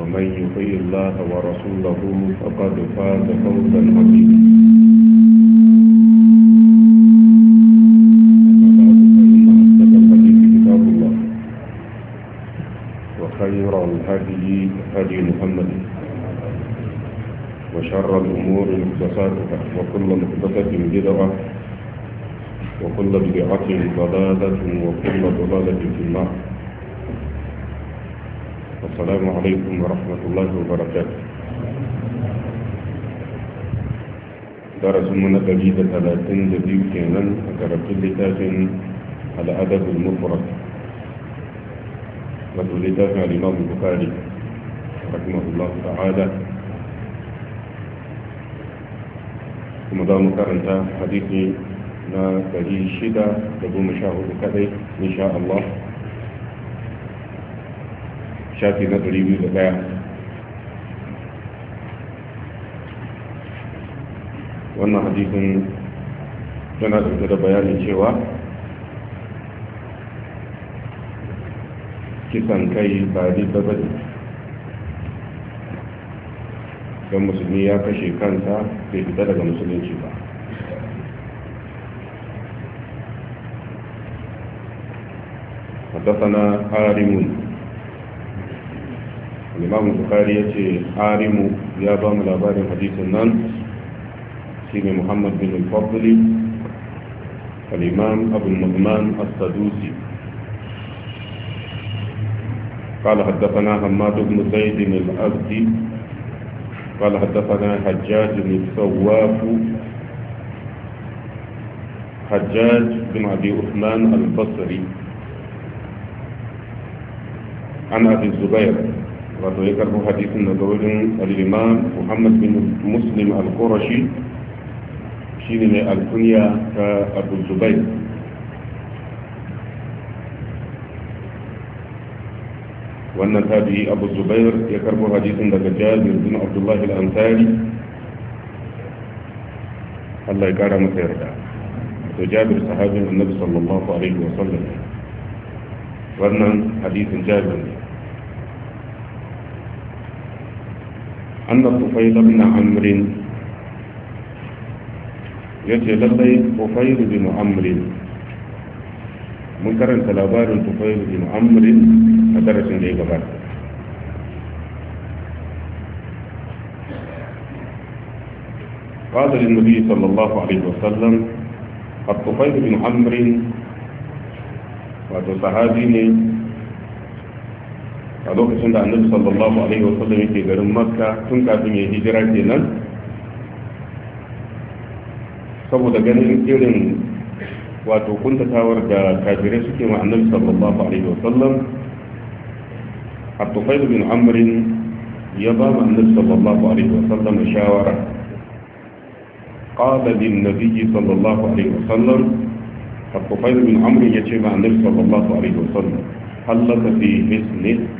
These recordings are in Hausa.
ومن يطيع الله ورسوله فقد فاز فوزا عظيما خير الهدي هدي محمد وشر الأمور محدثاتها وكل محدثة بدعة وكل بدعة ضلالة وكل ضلالة في النار السلام عليكم ورحمة الله وبركاته درس من نتجيد ثلاثين جديد كينا كل تاكن على أدب المفرد مثل لتاكن الإمام البخاري رحمه الله تعالى حديثي نا mu karanta تبو مشاهد 614 إن شاء الله shafi na ɗaya. wannan hadisin yana ɗauke da bayanin cewa kisan kai ba riba ba ne don musulmi ya kashe kansa bai fita daga musulunci ba حدثنا هارم الإمام البخاري يأتي عارم يا بام الأباري حديث النان سيد محمد بن الفضل الإمام أبو النعمان السدوسي قال حدثنا حماد بن زيد الأبدي قال حدثنا حجاج بن الثواب حجاج بن أبي عثمان البصري عن أبي الزبير رضي حديث نقول الإمام محمد بن مسلم القرشي في من الكنية كأبو الزبير وأن هذه أبو الزبير يكره حديث دجال من بن عبد الله الأنصاري الله يكرم مسيرك وجابر صحابي النبي صلى الله عليه وسلم وأن حديث جابر أن الطفيل بن عمرو يتلقي طفيل بن عمرو من كرن تلابار طفيل بن عمرو مدرس لي غبار قال للنبي صلى الله عليه وسلم الطفيل بن عمرو وتصحابيني a lokacin da annabi sallallahu alaihi wa sallam yake garin makka tun kafin ya hijira kenan saboda ganin irin wato kuntatawar da kafirai suke ma annabi sallallahu alaihi wa sallam abdullahi bin amrin ya ba ma annabi sallallahu alaihi wa sallam shawara qala lin nabiyyi sallallahu alaihi wa sallam abdullahi bin amrin ya ce ma annabi sallallahu alaihi wa sallam hallaka fi misli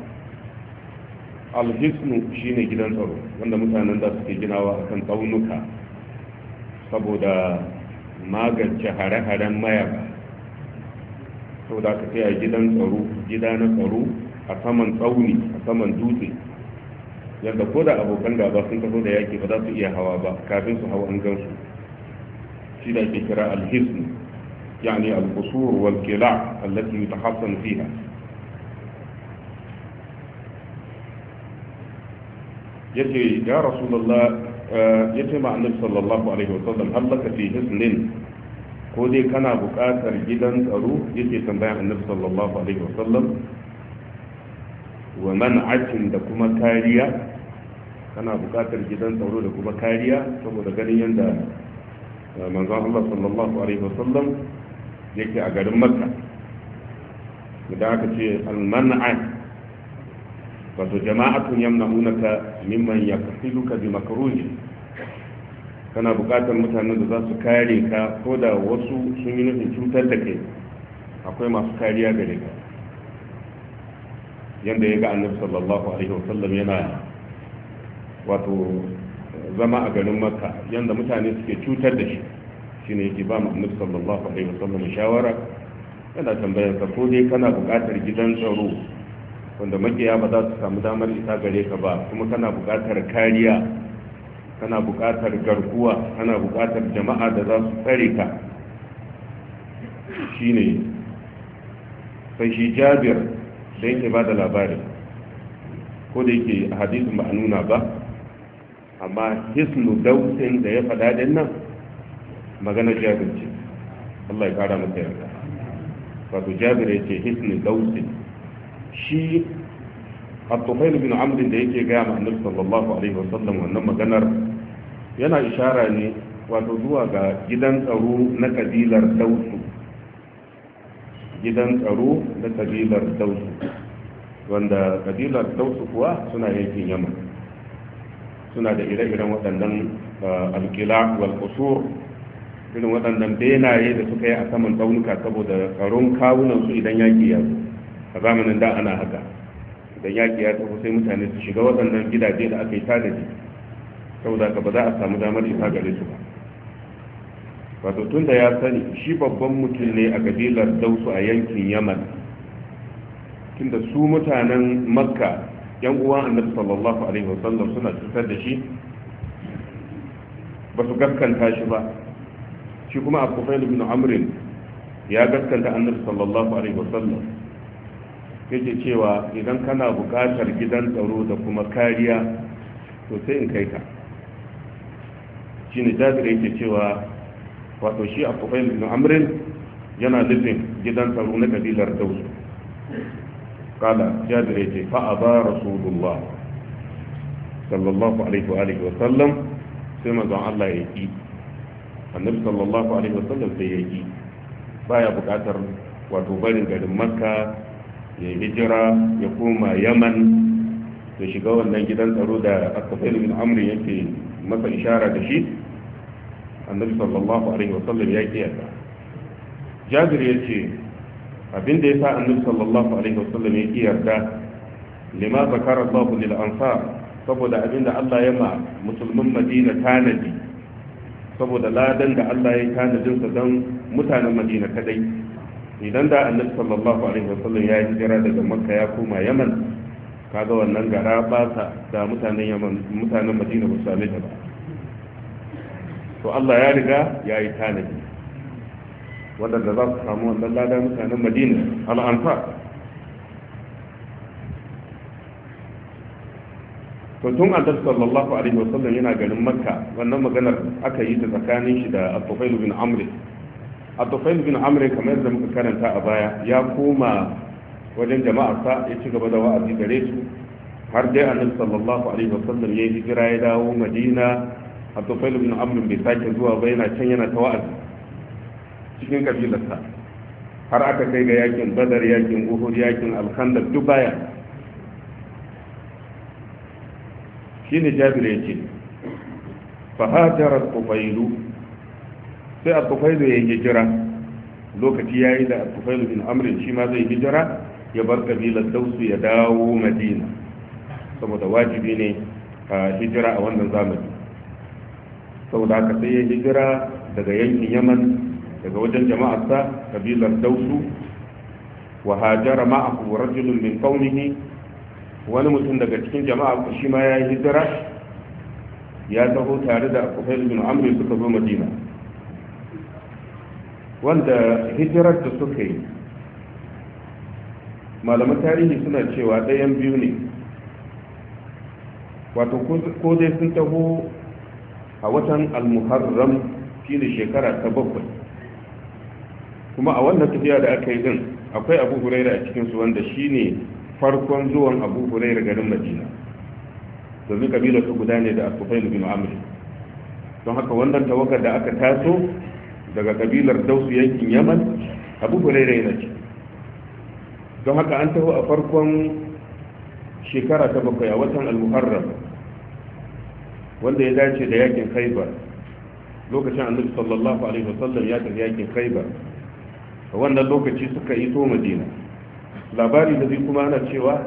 shi shine gidan tsaro wanda mutanen da suke ginawa a kan tsaunuka saboda magance hare-haren mayaka da ka kai a gidan tsaro gida na tsaro a saman tsauni a saman dutse yadda ko da abokan gaba sun taso da yaki ba za su iya hawa ba kafin su hau an gansu shi da ke kira alhismu yani al-qusur wal qila allati yutahassanu fiha yace ya rasulullah eh, yace ma annabi sallallahu alaihi wasallam hallaka fi hislin ko dai kana buƙatar gidan tsaro yake tambayan annabi sallallahu alaihi wasallam wa man man'atin da kuma kariya kana buƙatar gidan tsaro da kuma kariya saboda ganin yadda eh, manzon Allah sallallahu alaihi wasallam yake a garin Makka idan aka ce al-man'a wato jama'atun yamna'unaka mimman yaqtiluka bi makruhi kana bukatar mutanen da za su kare ka ko da wasu sun yi nufin cutar da kai akwai masu kariya gare ka yadda ya ga annabi sallallahu alaihi wasallam yana wato zama a garin makka yadda mutane suke cutar da shi shine yake ba mu annabi sallallahu alaihi wasallam shawara yana tambayar ka ko dai kana bukatar gidan tsaro wanda makiya ba za su samu damar isa gare ka ba kuma kana buƙatar kariya kana buƙatar garkuwa kana buƙatar jama'a da za su tsare ka shine sai shi jabir da yake ba da labari ko da yake a hadisin ba a nuna ba amma hisnu dausin da ya faɗa din nan maganar jabir ce Allah ya kara masa yarda wato jabir ya ce hisnu dausin shi abdullahi bin amrin da yake gaya ma annabi sallallahu alaihi wasallam wannan maganar yana ishara ne wato zuwa ga gidan tsaro na kabilar dausu gidan tsaro na kabilar dausu wanda kabilar dausu kuwa suna yankin yamma, suna da ire-iren waɗannan eh, alƙila wal kusur irin waɗannan benaye da suka yi a saman tsaunuka saboda tsaron kawunan su idan yaƙi yanzu a zamanin da ana haka idan yaƙi ya tafi sai mutane su shiga waɗannan gidaje da aka yi tanadi saboda ka ba za a samu damar isa gare su ba wato tun da ya sani shi babban mutum ne a kabilar dausu a yankin yaman tunda su mutanen makka yan uwan annabi sallallahu alaihi wa sallam suna cutar da shi ba su gaskanta shi ba shi kuma a kufail bin amrin ya gaskanta annabi sallallahu alaihi wa sallam. yake cewa idan kana buƙatar gidan tsaro da kuma kariya to sai in kai ka shine jabir yake cewa wato shi a kufail ibn amrin yana nufin gidan tsaro na kabilar dausu kala jabir yake fa aba rasulullah sallallahu alaihi wa alihi wa sallam sai manzon Allah ya yi annabi sallallahu alaihi wa sallam sai ya yi baya bukatar wato barin garin makka ya hijira ya koma yaman ya shiga wannan gidan tsaro da akafil bin amri yake masa ishara da shi annabi sallallahu alaihi wasallam ya kiyata jabir ya ce abinda ya sa annabi sallallahu alaihi wasallam ya kiyarta lima zakara Allah lil ansar saboda abinda Allah ya ma musulmin Madina tanadi saboda ladan da Allah ya tanadin don mutanen Madina kadai idan da annabi sallallahu alaihi wasallam ya hijira daga makka ya koma yaman kaga wannan gara ba da mutanen yaman mutanen madina ba same ta ba to Allah ya riga ya yi tanadi waɗanda za su samu wannan lada mutanen madina al'anfa to tun annabi sallallahu alaihi wasallam yana ganin makka wannan maganar aka yi ta tsakanin shi da al bin amr الطفيل بن عمرو كما يزم كان تا أبايا يا كوما ya ci gaba da wa'azi في دريسو har dai annabi sallallahu alaihi wasallam ya yi hijira ya dawo madina a tufail bin amr bai sake zuwa ba yana can yana wa'azi. cikin kabilarsa har aka kai ga yakin badar yakin uhud yakin alkhandar duk baya shine jabir ya ce fa hajara sai abdufailu ya yi hijira lokaci ya yi da abdufailu bin amrin shi ma zai hijira ya bar kabilar dausu ya dawo madina saboda wajibi ne a hijira a wannan zamani saboda haka sai ya hijira daga yankin yaman daga wajen jama'arsa kabilar dausu wa hajara ma'ahu rajulun min qaumihi wani mutum daga cikin jama'a shi ma ya yi hijira ya taho tare da kufail bin amri suka zo madina wanda hijirar da suka yi malamin tarihi suna cewa ɗayan biyu ne wato ko dai sun taho a watan almuharram shi ne shekara ta bakwai kuma a wannan tafiya da aka yi din akwai abu huraira a cikinsu wanda shi ne farkon zuwan abu huraira garin majina, domin kabilar su guda ne da asufai bin amri don haka wannan tawagar da aka taso daga kabilar dausu yankin yaman abu huraira yana ce don haka an taho a farkon shekara ta bakwai a watan al-muharram wanda ya dace da yakin khaibar lokacin annabi sallallahu alaihi wasallam ya tafi yakin khaibar a wannan lokaci suka iso madina labari da kuma ana cewa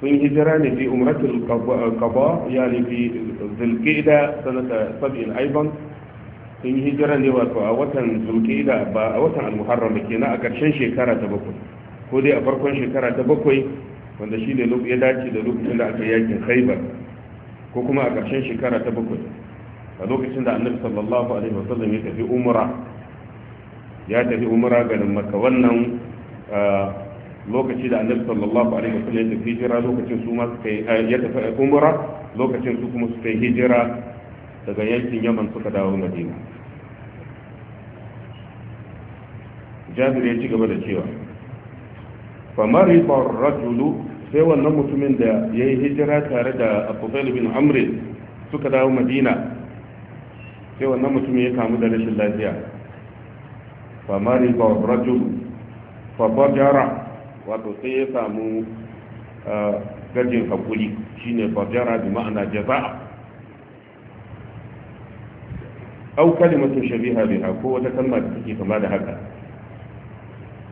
sun hijira ne fi umratul qada yani fi zulqa'da sanata sabin aiban sun yi hijira ne wato a watan da ba a watan al-muharram da na a ƙarshen shekara ta bakwai ko dai a farkon shekara ta bakwai wanda shi ne ya dace da lokacin da aka yakin khaibar ko kuma a ƙarshen shekara ta bakwai a lokacin da annabi sallallahu alaihi wasallam ya tafi umra ya tafi umra garin maka wannan lokaci da annabi sallallahu alaihi wasallam ya tafi hijira lokacin su ma suka ya tafi umra lokacin su kuma suka yi hijira daga yankin yaman suka dawo madina jabir ya ci gaba da cewa famari rajulu sai wannan mutumin da ya yi hijira tare da abubuwan bin amrin suka dawo madina sai wannan mutumin ya kamu da rashin lafiya famari rajulu fabajara wato sai ya samu gajin hakuri shine fabajara da ma'ana jaza'a aukali kalimatun shabiha biha ko wata kalma da take kama da haka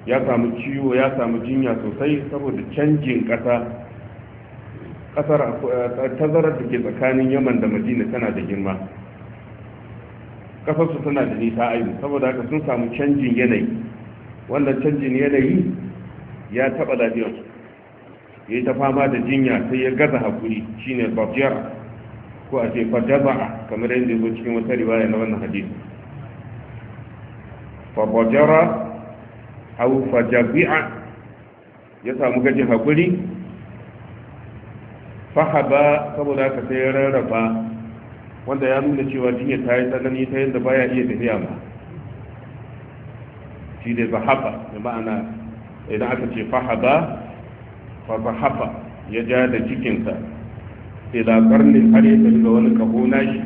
ya samu ciwo ya samu jinya sosai saboda canjin ƙasa kasar eh, tazarar da ke tsakanin yaman da madina tana da girma ƙasarsu tana da nisa ayu saboda haka sun samu canjin yanayi wannan canjin yanayi ya taɓa lafiyarsu ya yi ta fama da jinya sai ya gaza haƙuri shine babjiyar ko a ce fajaba'a kamar yadda ya zo cikin wata riwaya na wannan hadisi fabajara aw fajabi'a ya samu gajin hakuri fahaba saboda aka sai ya rarrafa wanda ya nuna cewa jinya ta yi tsanani ta yadda baya iya tafiya ba shi da zahaba da ma'ana idan aka ce fahaba fa zahaba ya ja da cikinsa ila karnin har ya tafi ga wani kaho nashi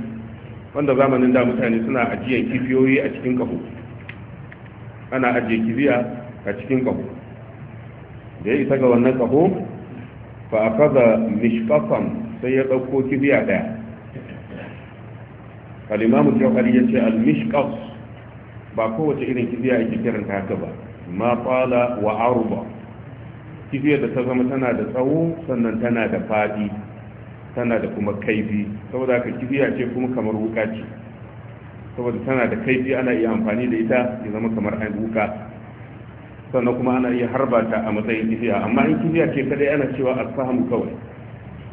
wanda zamanin da mutane suna ajiyar kifiyoyi a cikin kaho ana ajiye kibiya a cikin kaho da ya isa ga wannan kaho fa a kaza mishkafan sai ya ɗauko kibiya ɗaya kalimamu jawari ya ce al-mishkaf ba kowace irin kibiya ake kiran ta haka ba ma tsala wa aruba kibiyar da ta zama tana da tsawo sannan tana da faɗi tana da kuma kaifi saboda haka kibiya ce kuma kamar wuka ce saboda tana da kaifi ana iya amfani da ita ya zama kamar an wuka sannan kuma ana iya harba ta a matsayin kifiya amma in kifiya ce kadai ana cewa alfahamu kawai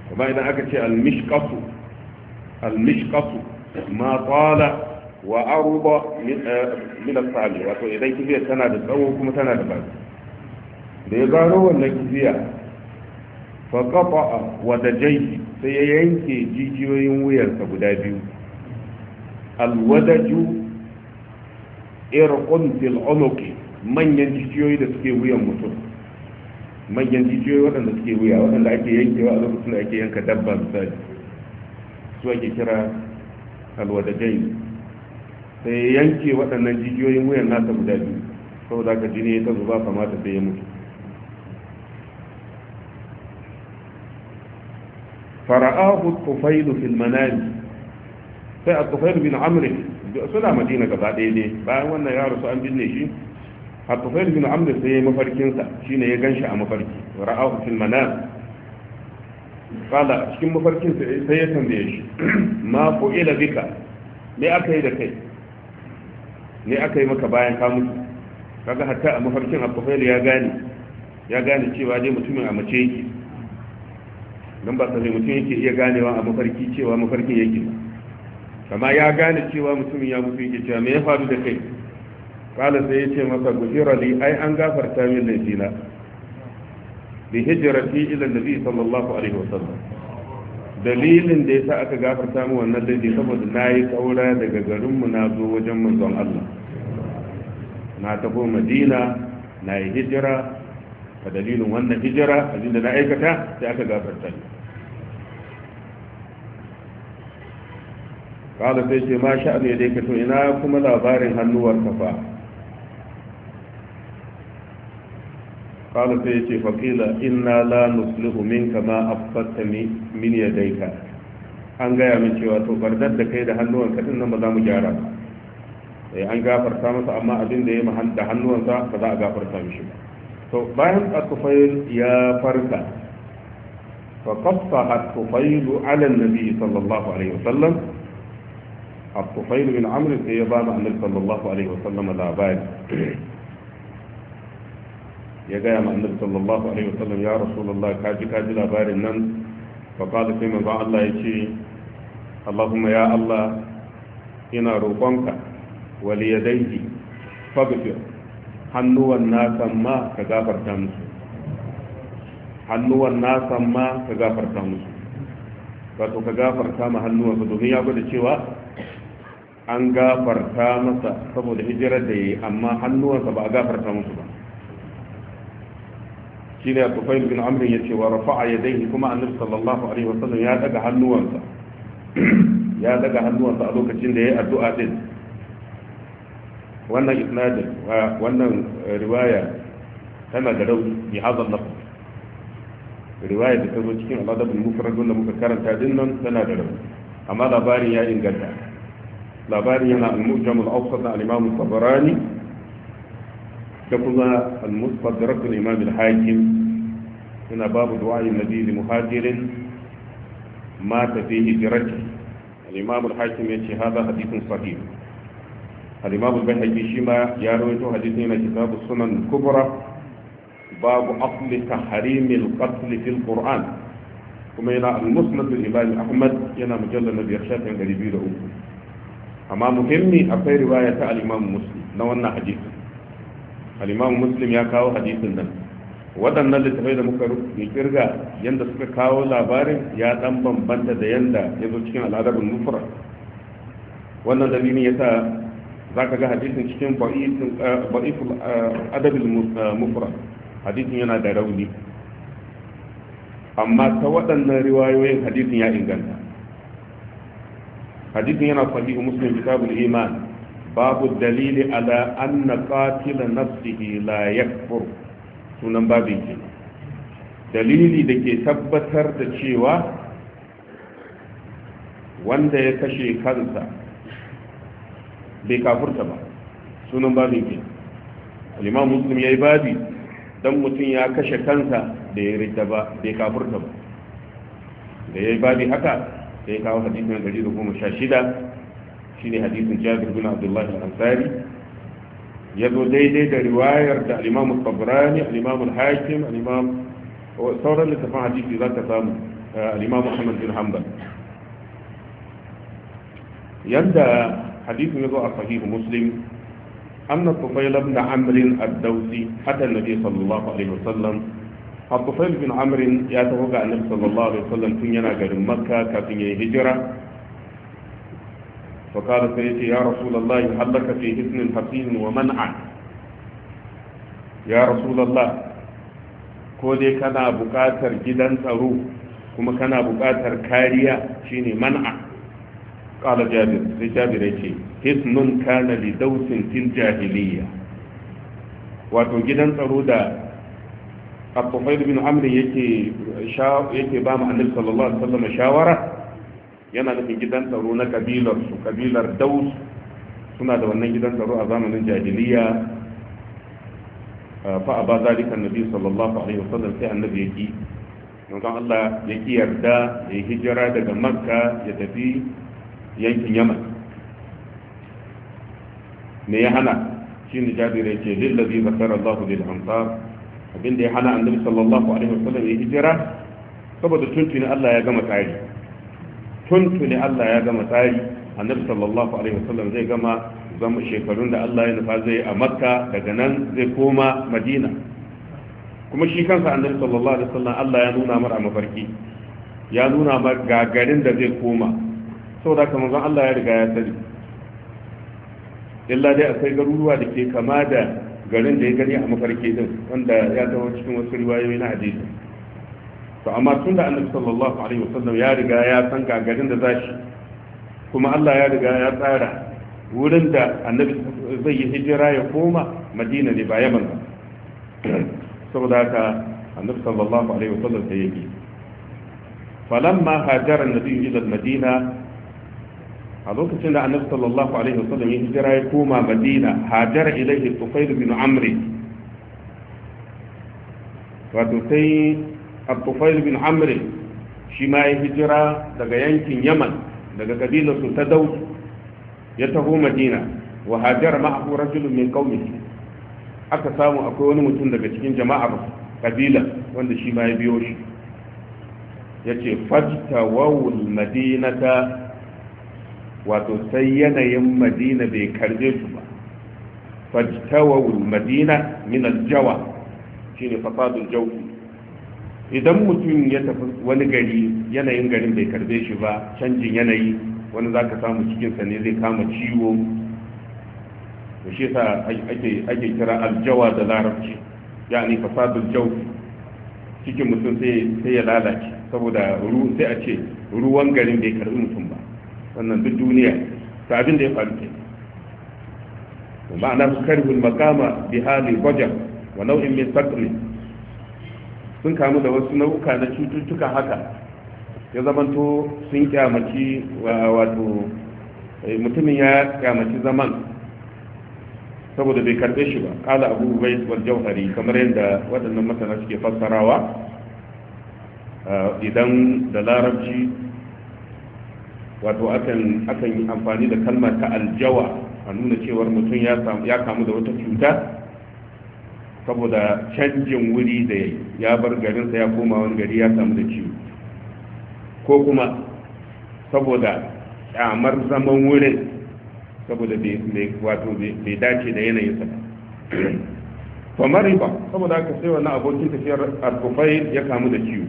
kuma idan aka ce al almishqatu ma tsala wa aruba min eh, al-sali wato idan kifiya tana da tsawo kuma tana da baki da ya gano wannan kifiya fa qata wa dajai sai ya yanke jijiyoyin wuyarsa guda biyu alwadaju irqun fil unuqi manyan jijiyoyi da suke wuyan mutum manyan suke yankewa a da ake yanka dabba misali su ake kira alwadajai sai yanke waɗannan jijiyoyin wuyan nata guda biyu saboda haka jini ya zuba kamata sai mutu فرآه الطفيل في المنام sai a tufayar bin amri suna madina gaba ɗaya ne bayan wannan ya rasu an binne shi a tufayar bin amri sai ya yi mafarkinsa shi ne ya gan shi a mafarki ra'a fil mana kala cikin mafarkinsa sai ya tambaye shi ma ko ila bika ne aka yi da kai ne aka yi maka bayan ka mutu kaga hatta a mafarkin a tufayar ya gane ya gane cewa dai mutumin a mace yake don ba sai mutum yake iya ganewa a mafarki cewa mafarkin yake ba kama ya gane cewa mutumin ya mutu yake cewa me ya faru da kai kala sai ya ce masa gujira li ai an gafarta min laifina bi hijrati ila nabi sallallahu alaihi wasallam dalilin da yasa aka gafarta min wannan laifi saboda nayi kaura daga garin mu na zo wajen manzon Allah na tafi Madina na yi hijira a dalilin wannan hijira abinda na aikata sai aka gafarta ni kala sai ce ma sha'ani ya daika to ina kuma labarin hannuwar kafa kala sai ce faƙila inna la nuslihu minka ma afsatta min ya daika an gaya min cewa to bardar da kai da hannuwan kaɗin nan ba za mu gyara ba an gafarta masa amma abin da ya yi da hannuwansa ba za a gafarta mishi ba to bayan atufail ya farka fa qaffa atufail ala nabi sallallahu alaihi wasallam الطفيل بن عمرو sai ya ba mu sallallahu alaihi wasallam labari ya gaya ma annabi sallallahu alaihi wasallam ya rasulullah ka ji labarin nan fa qala sai manzo Allah ya ce Allahumma ya Allah ina roƙonka wali yadayhi faghfir hannuwan nasa ma ka gafarta ma ka gafarta musu wato ka gafarta ma hannuwansa domin ya gwada cewa an gafarta masa saboda hijirar da ya yi amma hannuwansa ba a gafarta musu ba shi ne a bin amrin ya ce wa rafa'a ya dai kuma annabi sallallahu alaihi wasallam ya daga hannuwansa ya daga hannuwansa a lokacin da ya yi addu'a din wannan isnadin wannan riwaya tana da rauni bi hazan lafa riwaya da ta zo cikin al'adabul mufrad wanda muka karanta din nan tana da rauni amma labarin ya inganta labari yana al-mujam al-awsat na al-imam al-tabarani da kuma al-mustadrak na imam al-hakim yana babu du'a'i nabi li muhajirin mata fi hijrati al-imam al-hakim yace hada hadithun sahih al-imam al-bayhaqi shi ma ya rawaito hadithin na kitab sunan kubra باب أصل تحريم القتل في القرآن كما ينا المسند الإمام أحمد ينا مجلد نبي رشاد عن قريبي لأوكم amma muhimmi akwai riwaya ta al-Imam Muslim na wannan hadisi al-Imam Muslim ya kawo hadisin nan waɗannan littafai da muka kirga yanda suka kawo labarin ya dan bambanta da yanda ya zo cikin al'adabin mufrad wannan dalilin za zaka ga hadisin cikin eh, ba'iful eh, adabil mufrad eh, hadisin yana da rauni amma ta waɗannan riwayoyin hadisin ya inganta hadisin yana sahihu muslim kitabul iman babu dalili ala anna qatila nafsihi la yakfur sunan babin ke dalili da ke tabbatar da cewa wanda ya kashe kansa bai kafurta ba sunan babin ke al'imam muslim ya yi babi don mutum ya kashe kansa da ya rita ba bai kafurta ba da ya yi babi haka sai kawo hadisin 116 shine hadisin Jabir bin Abdullah al-Ansari yazo daidai da riwayar da al-Imam al-Tabrani al-Imam al-Hakim al-Imam sauran littafin hadisi zaka samu al-Imam Muhammad bin Hanbal yanda hadisin yazo a sahih Muslim أن طفيل بن عمرو الدوسي أتى النبي صلى الله عليه وسلم abdufail bin amrin ya taho ga annabi sallallahu alaihi wasallam tun yana garin makka kafin ya yi hijira فقال سيدي يا رسول الله هل لك في حسن حسين ومنع يا رسول Ko dai kana buƙatar gidan tsaro kuma kana buƙatar kariya shine man'a Kala jabir sai jabir ce hisnun kana li dausin fil jahiliya wato gidan tsaro da abdullahi bin amr yake yake ba mu annabi sallallahu alaihi wasallam shawara yana da gidan tsaro na kabilar su kabilar daus suna da wannan gidan tsaro a zamanin jahiliya ah, fa aba zalika annabi sallallahu alaihi wasallam sai annabi yake don Allah ya ki yarda ya hijira daga makka ya tafi yankin yaman ne ya hana shi ne jabir ya ce lillazi zakara Allah lil ansar abin da ya hana annabi sallallahu alaihi wasallam ya hijira saboda tuntuni Allah ya gama tsari tuntuni Allah ya gama tsari annabi sallallahu alaihi wasallam zai gama zama shekarun da Allah ya nufa zai a makka daga nan zai koma madina kuma shi kansa annabi sallallahu alaihi wasallam Allah ya nuna mar a mafarki ya nuna mar gagarin da zai koma saboda kamar zan Allah ya riga ya sani illa dai akwai garuruwa da ke kama da garin da ya gani a mafarki din wanda ya taho cikin wasu riwayoyi na hadisi to amma tun da annabi sallallahu alaihi wasallam ya riga ya san ga garin da zashi kuma Allah ya riga ya tsara wurin da annabi zai yi hijira ya koma madina ne ba yaman ba saboda haka annabi sallallahu alaihi wasallam sai ya bi falamma hajara annabi ila madina a lokacin da annabi sallallahu alaihi wasallam ya hijira ya koma madina hajara ilaihi tufail bin amri wato sai tufail bin amri shi ma ya hijira daga yankin yaman daga kabilar su ta dau ya taho madina wa hajara ma'ahu rajulun min qaumihi aka samu akwai wani mutum daga cikin jama'a kabila wanda shi ma ya biyo shi yace fajtawawul madinata wato sai yanayin madina bai karje su ba fajtawawul madina min aljawa shine fasadul jawfi idan mutum ya tafi wani gari yanayin garin bai karbe shi ba canjin yanayi wani za ka samu cikinsa ne zai kama ciwo da shi sa ake kira aljawa da larabci yani fasadul jawfi cikin mutum sai ya lalace saboda sai a ce ruwan garin bai karbi mutum ba wannan duk duniya ta abin da ya faru ke wa ma'ana su karfi makama bi hali wa nau'in min sun kamu da wasu nau'uka na cututtuka haka ya zamanto sun kyamaci wato eh, mutumin ya kyamaci zaman saboda bai karbe shi ba kala abu bai wal jauhari kamar yadda waɗannan masana suke fassarawa eh, idan da larabci wato akan akan yi amfani da kalma ta aljawa a nuna cewar mutum ya kamu da wata cuta saboda canjin wuri da ya bar garinsa ya koma wani gari ya samu da ciwo ko kuma saboda kyamar zaman wurin saboda wato bai dace da yanayinsa ba famari ba saboda aka sai wannan abokin tafiyar arkufai ya kamu da ciwo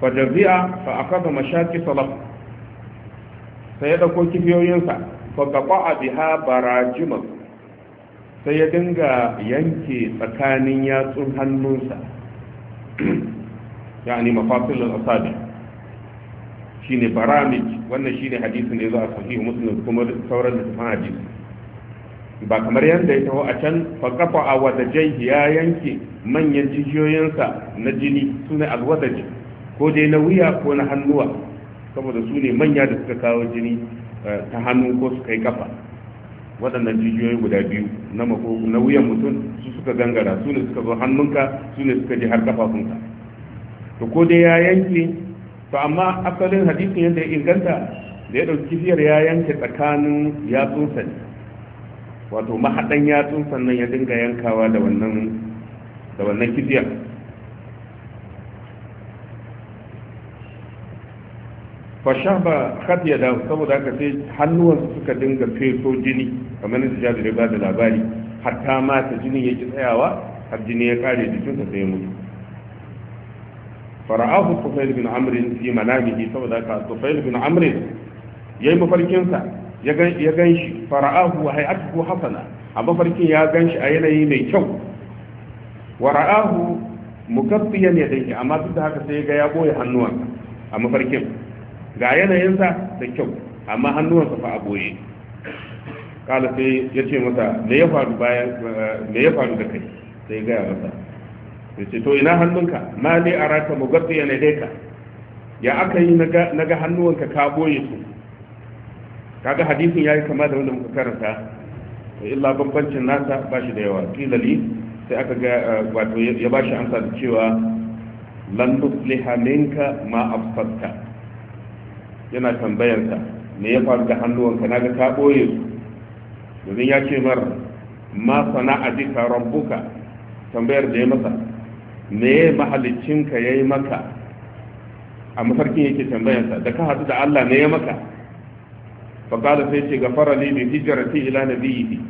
fajazi'a fa akaba mashaki salaf sai ya ɗauko kibiyoyinsa fa a biha barajima sai ya dinga yanke tsakanin yatsun hannunsa yani mafasil al-asabi shine baramij wannan shine hadisin da yazo a sahihu muslim kuma sauran da hadisi ba kamar yadda ya taho a can fakafa a wadajai ya yanke manyan jijiyoyinsa na jini su ne alwadaji ko dai na wuya ko na hannuwa saboda su ne manya da suka kawo jini eh, ta hannu ko suka yi kafa waɗannan jijiyoyi guda biyu na makogu na wuyan mutum su suka gangara su ne suka zo hannunka su ne suka je har kafafunka to ko dai ya yanke to amma asalin hadisin yadda ya inganta da ya ɗauki fiyar ya yanke tsakanin yatsunsa ne wato mahaɗan yatsun sannan ya dinga yankawa da wannan da wannan kifiyar fasha ba ya da saboda haka sai hannuwansu suka dinga feso jini kamar da jabi da bada labari hatta mata jinin yake tsayawa har jini ya kare sa sai ya mutu fara'ahu tufail bin amr fi manamihi saboda haka tufail bin amr yayi mafarkin sa ya gan ya gan shi fara'ahu wa hay'atuhu hasana a mafarkin ya gan shi a yanayi mai kyau wa ra'ahu mukaffiyan yadayhi amma duk da haka sai ya ga ya boye hannuwansa a mafarkin ga yanayinsa da kyau amma hannuwansa fa a boye kala sai ya ce masa me ya faru bayan me ya faru da kai sai gaya masa ya ce to ina hannunka ma ne a raka mugabta ya nade ka ya aka yi na ga hannuwanka ka boye su kaga hadisin ya yi kama da wanda muka karanta illa bambancin nasa ba shi da yawa kilali sai aka ga eh, wato ya ba shi amsa da cewa lan nusliha minka ma afsadta yana tambayansa me ya faru da hannuwanka naga ta boye su domin ya ce mar ma sana'a bika rabbuka tambayar da ya masa me ka yayi maka a mafarkin yake tambayansa da ka hadu da Allah me ya maka fa sai ce gafara li bi hijrati ila nabiyyi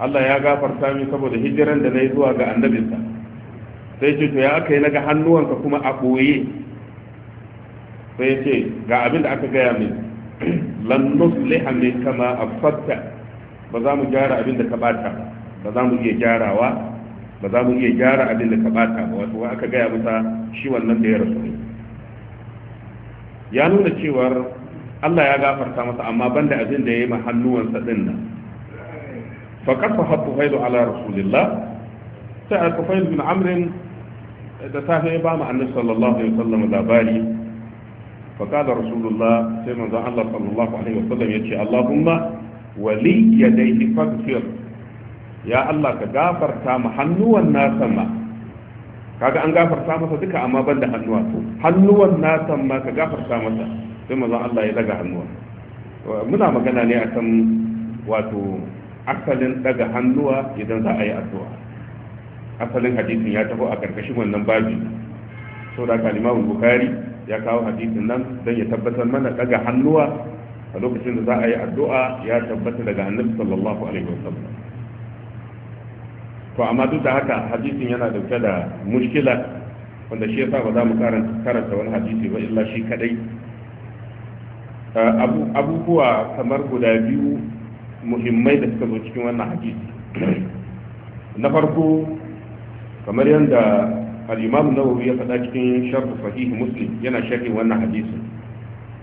Allah ya gafarta min saboda hijiran da nayi zuwa ga annabinsa sai ce to ya aka yi ga hannuwanka kuma a boye sai ya ce ga abin da aka gaya min lan nusliha min kama afatta ba za mu gyara abin da ka bata ba za mu iya gyarawa ba za mu iya gyara abin da ka bata ba wato aka gaya masa shi wannan da ya rasu ne ya nuna cewar Allah ya gafarta masa amma banda abin da ya yi ma hannuwansa din nan fa kafa hafu faidu ala rasulillah sai al fayl bin amrin da safe ya ba mu annabi sallallahu alaihi wasallam labari faƙada rasulullah sai manzon Allah sallallahu alaihi wasallam ya ce Allahumma wali ya daidai fagfir ya Allah ka gafarta mu hannuwan nasa ma kaga an gafarta masa duka amma ban da hannuwa to hannuwan nasa ma ka gafarta masa sai Allah ya daga muna magana ne akan wato asalin daga hannuwa idan za a yi addu'a asalin hadisin ya taho a karkashin wannan babi saboda kalimawul bukhari ya kawo hadisin nan don ya tabbatar mana daga hannuwa a lokacin da za a yi addu'a ya tabbata daga annabi sallallahu alaihi wasallam to amma duk da haka hadisin yana dauke da mushkila wanda shi yasa ba za mu karanta wani hadisi ba illa shi kadai abubuwa kamar guda biyu muhimmai da suka zo cikin wannan hadisi na farko kamar yadda al-imam nawawi ya faɗa cikin sharh sahih muslim yana sharhi wannan hadisi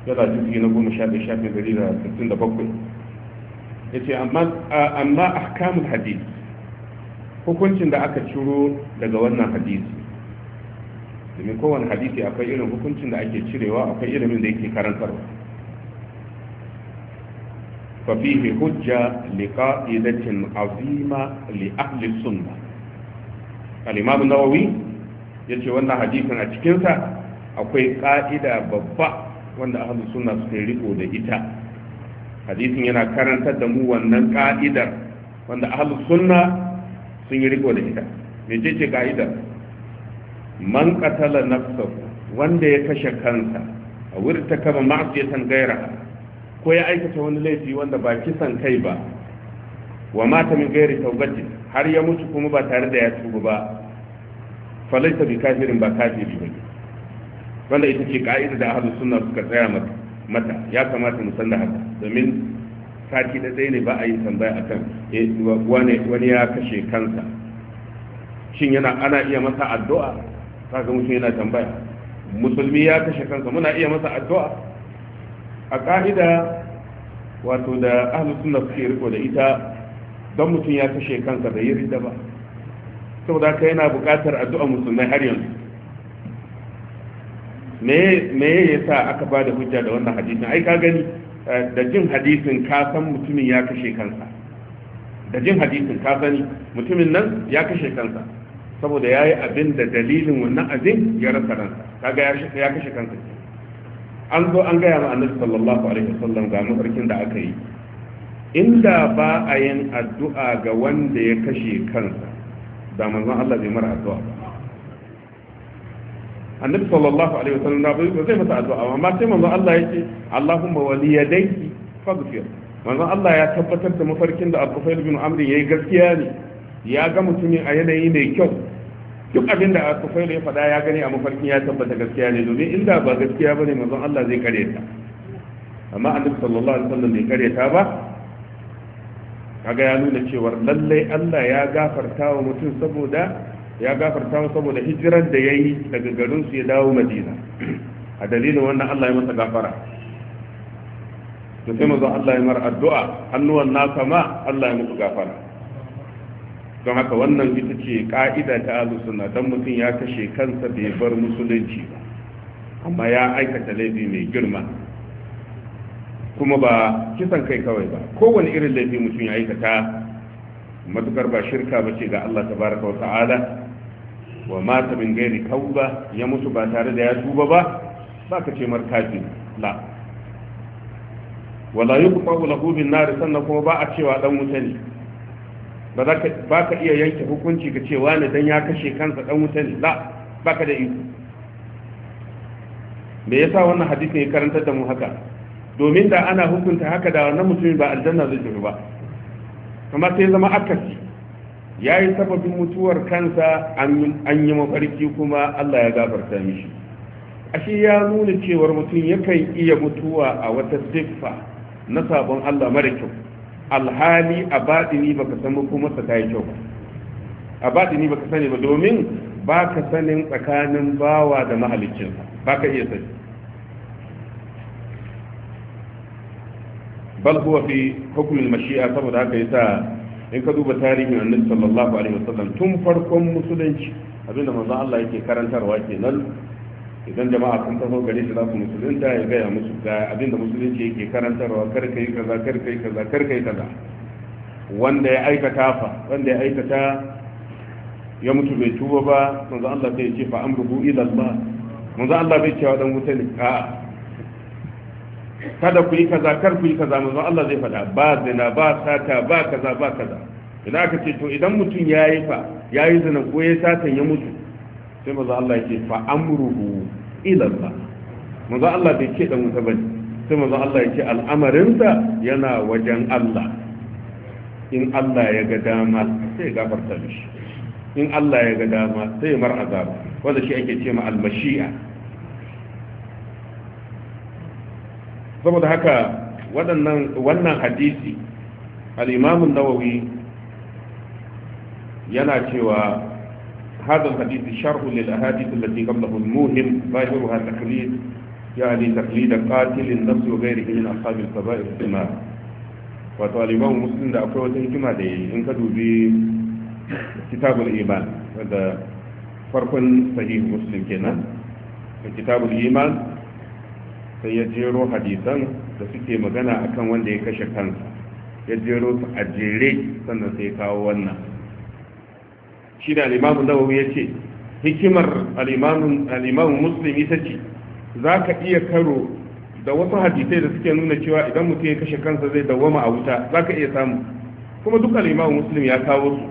yana jiki na goma sha ɗaya shafin ɗari da sittin da bakwai ya ce amma ahkamul hadisi. hukuncin da aka ciro daga wannan hadisi domin kowane hadisi akwai irin hukuncin da ake cirewa akwai ilimin da yake karantarwa ففيه حجة لقائدة عظيمة لأهل السنة الإمام النووي ya ce wannan hadisin a cikinsa akwai ƙa'ida babba wanda ahalu suna suka riko da ita hadisin yana karanta da mu wannan ƙa'idar wanda ahalu sunna sun yi riko da ita mece ce ka'idar man qatala nafsahu wanda ya kashe kansa a wurin ta kama ma'asiyatan gaira ko ya aikata wani laifi wanda ba kisan kai ba wa mata min gairi taubati har ya mutu kuma ba tare da ya tuba ba falaita bi kafirin ba kafiri ba wanda ita ce ka'ida da ahlus sunna suka tsaya mata mata ya kamata mu san da haka domin sati da tsaye ne ba a yi tambaya akan eh, wani ya kashe kansa shin yana ana iya masa addu'a kaga mutum yana tambaya musulmi ya kashe kansa muna iya masa addu'a a ka'ida wato da ahlus sunna suke riko da ita don mutum ya kashe kansa da yi ba saboda ka yana buƙatar addu'a musulmai har yanzu me ya sa aka ba da hujja da wannan hadisin ai ka gani eh, da jin hadisin ka san mutumin ya kashe kansa da jin hadisin ka sani mutumin nan ya kashe kansa saboda ya yi abin da dalilin wannan abin ya rasa ransa kaga ya kashe kansa an zo an gaya ma annabi sallallahu alaihi wasallam ga mafarkin da aka yi inda ba a yin addu'a ga wanda ya kashe kansa da manzon Allah bai mara addu'a annabi sallallahu alaihi wasallam da bai zai masa addu'a amma sai manzon Allah yake Allahumma waliyadayki faghfir manzon Allah ya tabbatar da mafarkin da Abu Fayl bin Amr yayi gaskiya ne ya ga mutumin a yanayi mai kyau duk abin da Abu Fayl ya faɗa ya gani a mafarkin ya tabbata gaskiya ne domin inda ba gaskiya bane manzon Allah zai kare ta amma annabi sallallahu alaihi wasallam bai kare ta ba kaga ya nuna cewa lallai Allah ya gafarta wa mutum saboda ya gafarta wa saboda hijiran da yayi daga garin su ya dawo Madina a dalilin wannan Allah ya masa gafara to sai mu zo Allah ya mar addu'a hannuwan nasa ma Allah ya musu gafara don haka wannan ita ce ka'ida ta ahlus sunna dan mutum ya kashe kansa bai bar musulunci ba amma ya aikata laifi mai girma kuma ba kisan kai kawai ba kowane irin laifi mutum ya aikata matukar ba shirka ba ce ga Allah tabaraka wa ta'ala wa mata min gairi tauba ya mutu ba tare da ya tuba ba ba ka ce markafi la wala yuqta lahu bin nar sannan kuma ba a cewa dan wuta ne ba ka ba ka iya yanke hukunci ka ce wani dan ya kashe kansa dan wuta ne la ba ka da iko me yasa wannan hadisin ya karanta da mu haka domin da ana hukunta haka da wannan mutumin ba aljanna zai tafi ba kamar sai zama akasi ya yi sababin mutuwar kansa an yi mafarki kuma allah ya gafarta mishi ashe ya nuna cewar mutum yakan iya mutuwa a wata siffa na sabon allah mara kyau alhali a baɗini baka san masa ta yi kyau ba a baɗini baka sani ba domin baka sanin tsakanin bawa da ba baka iya sani bal huwa fi hukumin mashi'a saboda haka yasa in ka duba tarihin annabi sallallahu alaihi wasallam tun farkon musulunci abinda manzo Allah yake karantarwa kenan idan jama'a sun taso gare shi za su musulunta ya gaya musu ga abinda musulunci yake karantarwa kar kai kaza kar kai kaza kar kai kaza wanda ya aikata fa wanda ya aikata ya mutu bai tuba ba manzo Allah sai ya ce fa amruhu ila Allah manzo Allah bai cewa dan wuta ne a'a kada ku yi kaza kar ku yi kaza manzo Allah zai faɗa ba zina ba sata ba kaza ba kaza idan aka ce to idan mutum ya yi fa ya yi zina ko ya satan ya mutu sai manzo Allah ya ce fa amruhu ila Allah manzo Allah bai ce dan wuta bane sai manzo Allah ya ce sa yana wajen Allah in Allah ya ga dama sai gafarta mishi in Allah ya ga dama sai mar azaba wanda shi ake ce ma al-mashi'a saboda haka wannan hadisi Alimamin nawawi yana cewa hadin hadisi sharhu lil hadisi da cikin lahun muhim bayan ruwa takli ya ne takli da katilin na su gairi ilin asabin sa bayan sima wato al’imamun muslim da akwai wata hikima da yi in ka dubi kitabul iman da farkon sahih muslim kenan kitabul iman sai ya jero hadisan da suke magana akan wanda ya kashe kansa ya jero su a jere sannan sai kawo wannan shi da alimamu nawawi ya ce hikimar alimamu muslim ita ce za ka iya karo da wasu hadisai da suke nuna cewa idan mutum ya kashe kansa zai dawwama a wuta za ka iya samu kuma duk alimamu muslim ya kawo su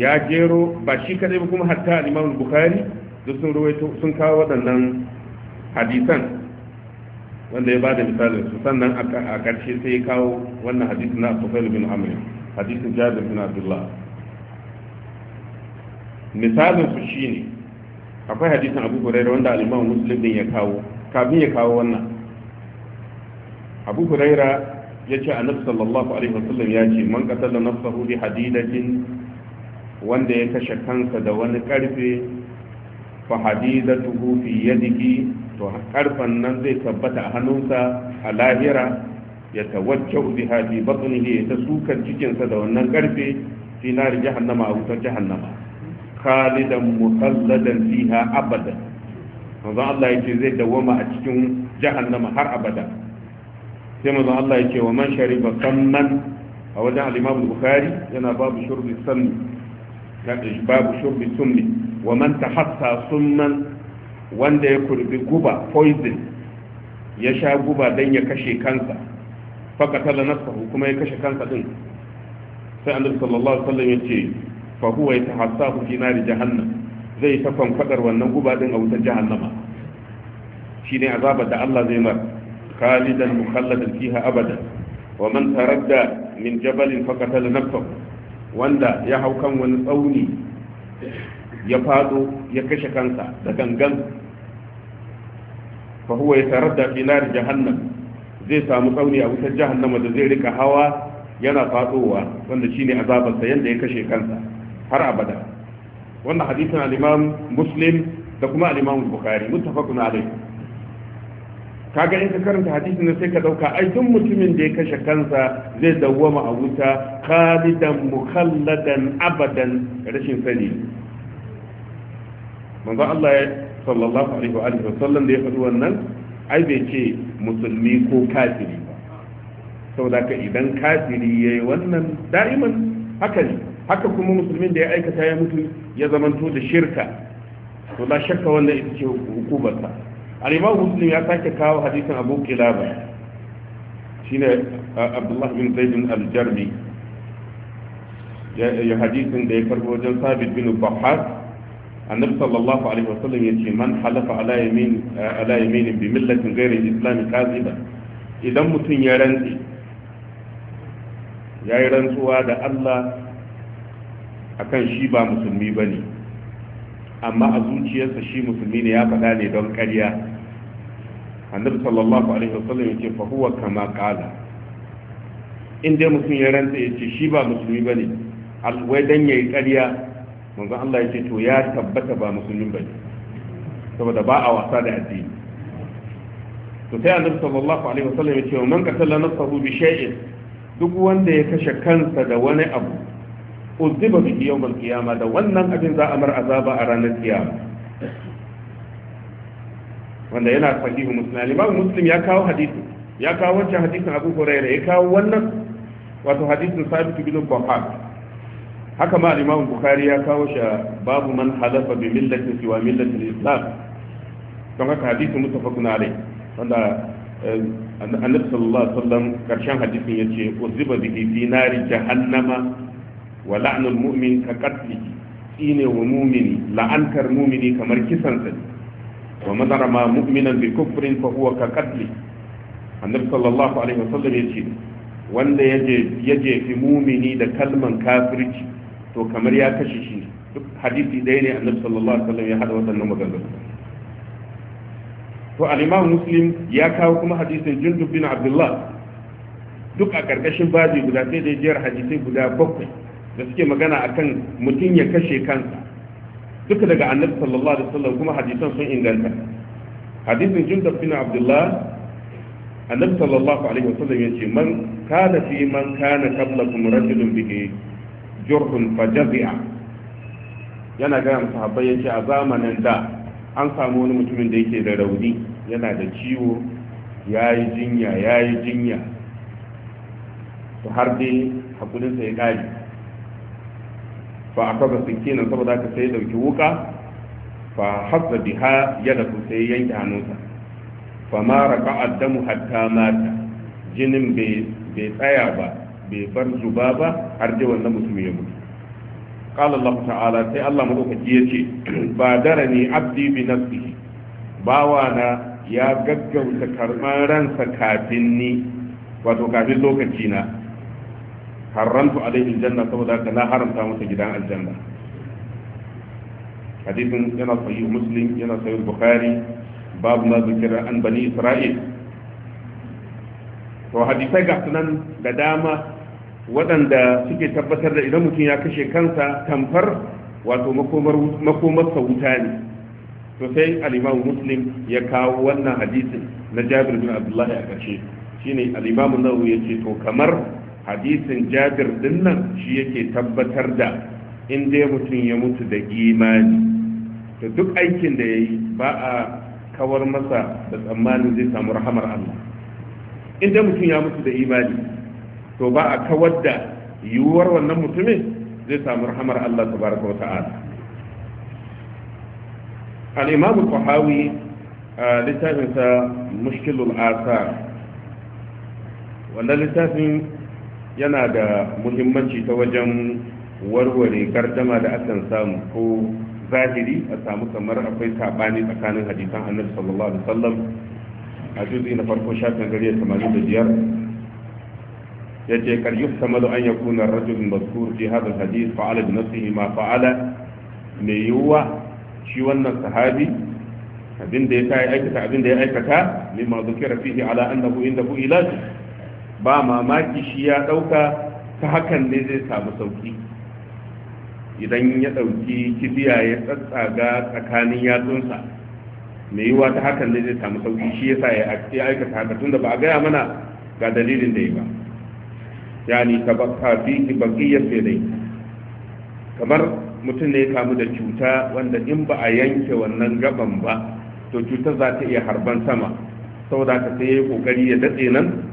ya jero ba shi kadai ba kuma hatta alimamu bukari duk sun kawo waɗannan hadisan wanda ya bada misalin su sannan a ƙarshe sai ya kawo wannan hadisi na Tufail bin Amr hadisin Jabir bin Abdullah misalin su shine akwai hadisin Abu Hurairah wanda al-Imam Muslim din ya kawo kafin ya kawo wannan Abu Hurairah ce Annabi sallallahu alaihi wasallam ya ce man qatala nafsahu bi hadidatin wanda ya kashe kansa da wani karfe fa hadidatuhu fi yadihi to karfan nan zai tabbata a hannunsa a lahira ya tawacce biha fi batnihi ya ta sukan cikinsa da wannan karfe fi nar jahannama a wutar jahannama khalidan mukhalladan fiha abada manzo Allah yake zai dawama a cikin jahannama har abada sai manzo Allah yake wa man shariba samman a wajen al-Imam Bukhari yana babu shurbi sanni babu shurbi sunni wa man tahassa sunnan wanda ya kurbi guba poison ya sha guba don ya kashe kansa fakatala nasahu kuma ya kashe kansa din sai annabi sallallahu alaihi wasallam ya ce fa huwa yatahassahu fi nari jahannam zai ta fanfadar wannan guba din a wutar jahannama shine azabar da Allah zai mar khalidan mukhalladan fiha abada? wa man taradda min jabalin faqatala nafsahu wanda ya hau kan wani tsauni ya fado ya kashe kansa da gangan fa huwa yataradda fi nar jahannam zai samu tsauni a wutar jahannama da zai rika hawa yana fadowa wanda shine azabarsa yanda ya kashe kansa har abada wannan hadisin al-imam muslim da kuma al-imam bukhari muttafaqun alayh kaga in ka karanta hadisin sai ka dauka ai duk mutumin da ya kashe kansa zai dawwama a wuta khalidan mukhalladan abadan rashin sani manzo Allah ya sallallahu alaihi wa alihi wasallam da ya faɗi wannan ai bai ce musulmi ko kafiri ba saboda ka idan kafiri yayi wannan da'iman haka ne haka kuma musulmin da ya aikata ya mutu ya zamanto da shirka to da shakka wannan ita ce hukumarsa al-imam muslim ya sake kawo hadisin abu kilaba shine abdullah bin zaid al-jarmi ya hadisin da ya karbo wajen sabit bin bahar annabi sallallahu alaihi wasallam ce man halafa ala yamin ala yamin bi millatin ghairi islam kaziba idan mutum ya rantsi ya yi rantsuwa da Allah akan shi ba musulmi ba ne, amma a zuciyarsa shi musulmi ne ya faɗa ne don ƙarya annabi sallallahu alaihi wasallam ya ce huwa kama qala in dai mutum ya rantsa yace shi ba musulmi ba bane alwai dan yi ƙarya manzon Allah ya ce to ya tabbata ba musulmin bane saboda ba a wasa da addini to sai annabi sallallahu alaihi wasallam ya ce man qatala nafsahu bi shay'in duk wanda ya kashe kansa da wani abu uzziba bi yawmal qiyama da wannan abin za a mar azaba a ranar kiyama wanda yana sahihu muslim ba muslim ya kawo hadisi ya kawo wancan hadisin abu hurairah ya kawo wannan wato hadisin sabit bin bukhari haka ma imam bukhari ya kawo shi babu man halafa bi millati siwa millati islam don haka hadisi mutafakun alai wanda eh, annabi sallallahu alaihi wasallam karshen hadisin yace uziba bihi fi nari jahannama wa la'nul mu'min ka qatlihi tsine wa mumini la'antar mumini kamar kisan sa wa madara ma mu'minan bi kufrin fa huwa ka qatli annabi sallallahu alaihi wasallam yace wanda yaje yaje fi mumini da kalman kafirci to kamar ya kashe shi duk hadisi ɗaya ne annabi sallallahu alaihi wasallam ya hada waɗannan maganganu to al-imam muslim ya kawo kuma hadisin jundub bin abdullah duk a ƙarƙashin baji guda sai da jiyar hadisai guda bakwai da suke magana akan mutum ya kashe kansa duka daga annabi sallallahu alaihi wasallam kuma hadisan sun inganta hadisin jundub bin abdullah annabi sallallahu alaihi wasallam ya ce man kana fi man kana qablakum rajulun bihi jurhun fajazi'a yana gaya masa habbai yace a zamanin da an samu wani mutumin da yake da rauni yana da ciwo ya yi jinya ya yi jinya to har dai hakulinsa ya ƙari fa aka ba nan saboda aka sai dauki wuka fa hasa biha yadda su sai yanke hannunsa fa ma raka damu hatta mata jinin bai tsaya ba bai bar zuba ba har dai wannan mutum ya mutu qala Allah ta'ala sai Allah madaukaki yace ba darani abdi bi nafsihi na ya gaggauta karman ransa kafin ni wato kafin lokaci na Harantu alaihi Janna saboda haka na haramta masa gidan aljanna hadisin yana sahih muslim yana sahih bukhari babu na zikira an bani isra'il to hadisai ga sunan da dama waɗanda suke tabbatar da idan mutum ya kashe kansa tamfar wato makomarsa wuta ne to sai al'imamu muslim ya kawo wannan hadisin na jabir bin abdullahi a ƙarshe shine al'imamu nawawi ya ce to kamar hadisin jabir din nan shi yake tabbatar da in dai mutum ya mutu da imani to duk aikin da ya yi ba a kawar masa da tsammanin zai samu rahamar allah inda mutum ya mutu da imani to ba a kawar da yiwuwar wannan mutumin zai samu rahamar Allah baraka wa ta'ala al-imam qahawi littafinsa sa mushkilul asar wannan littafin yana da muhimmanci ta wajen warware gardama da akan samu ko zahiri a samu kamar akwai sabani tsakanin hadisan annabi sallallahu alaihi wasallam a juzi na farko shafin gari ya tamanin da biyar ya ce kar yi samalu an yakuna rajulun mazkur fi hadal hadis fa'ala bi nafsihi ma fa'ala mai yiwuwa shi wannan sahabi abin da ya kai aikata abin da ya aikata ma zukira fihi ala annahu indahu ilaj ba mamaki shi ya ɗauka, ta hakan ne zai samu sauki idan ya ɗauki kibiya ya tsatsaga tsakanin yatsunsa mai yiwa ta hakan ne zai samu sauki shi yasa ya aikata haka da ba a gaya mana ga dalilin da yi ba yani tabakka fi baqiyyat dai kamar mutum ne ya kamu da cuta wanda in ba a yanke wannan gaban ba to cutar za ta iya harban sama saboda ka sai kokari ya datse nan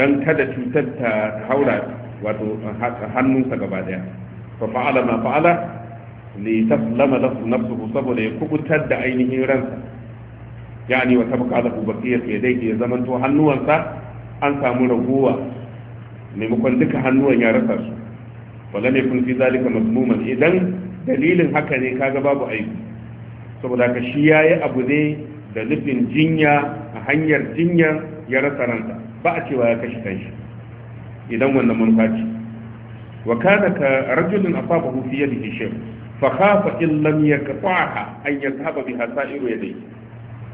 don kada cutar ta haura wato hannunsa gaba daya fa fa'ala ma fa'ala li taslama lahu nafsuhu saboda ya kubutar da ainihin ransa yani wa tabqa lahu baqiyat yadayhi zaman to hannuwansa an samu raguwa maimakon duka hannuwan ya rasa su wala ne kun fi zalika mazmuman idan dalilin haka ne kaga babu aiki saboda ka shi yayi abu ne da nufin jinya a hanyar jinya ya rasa ransa ba a cewa ya kashi kanshi idan wannan mun ce wa kana ka rajulin asabahu fi yadihi shaykh fa khafa in lam yaqta'ha an yadhhaba biha sa'iru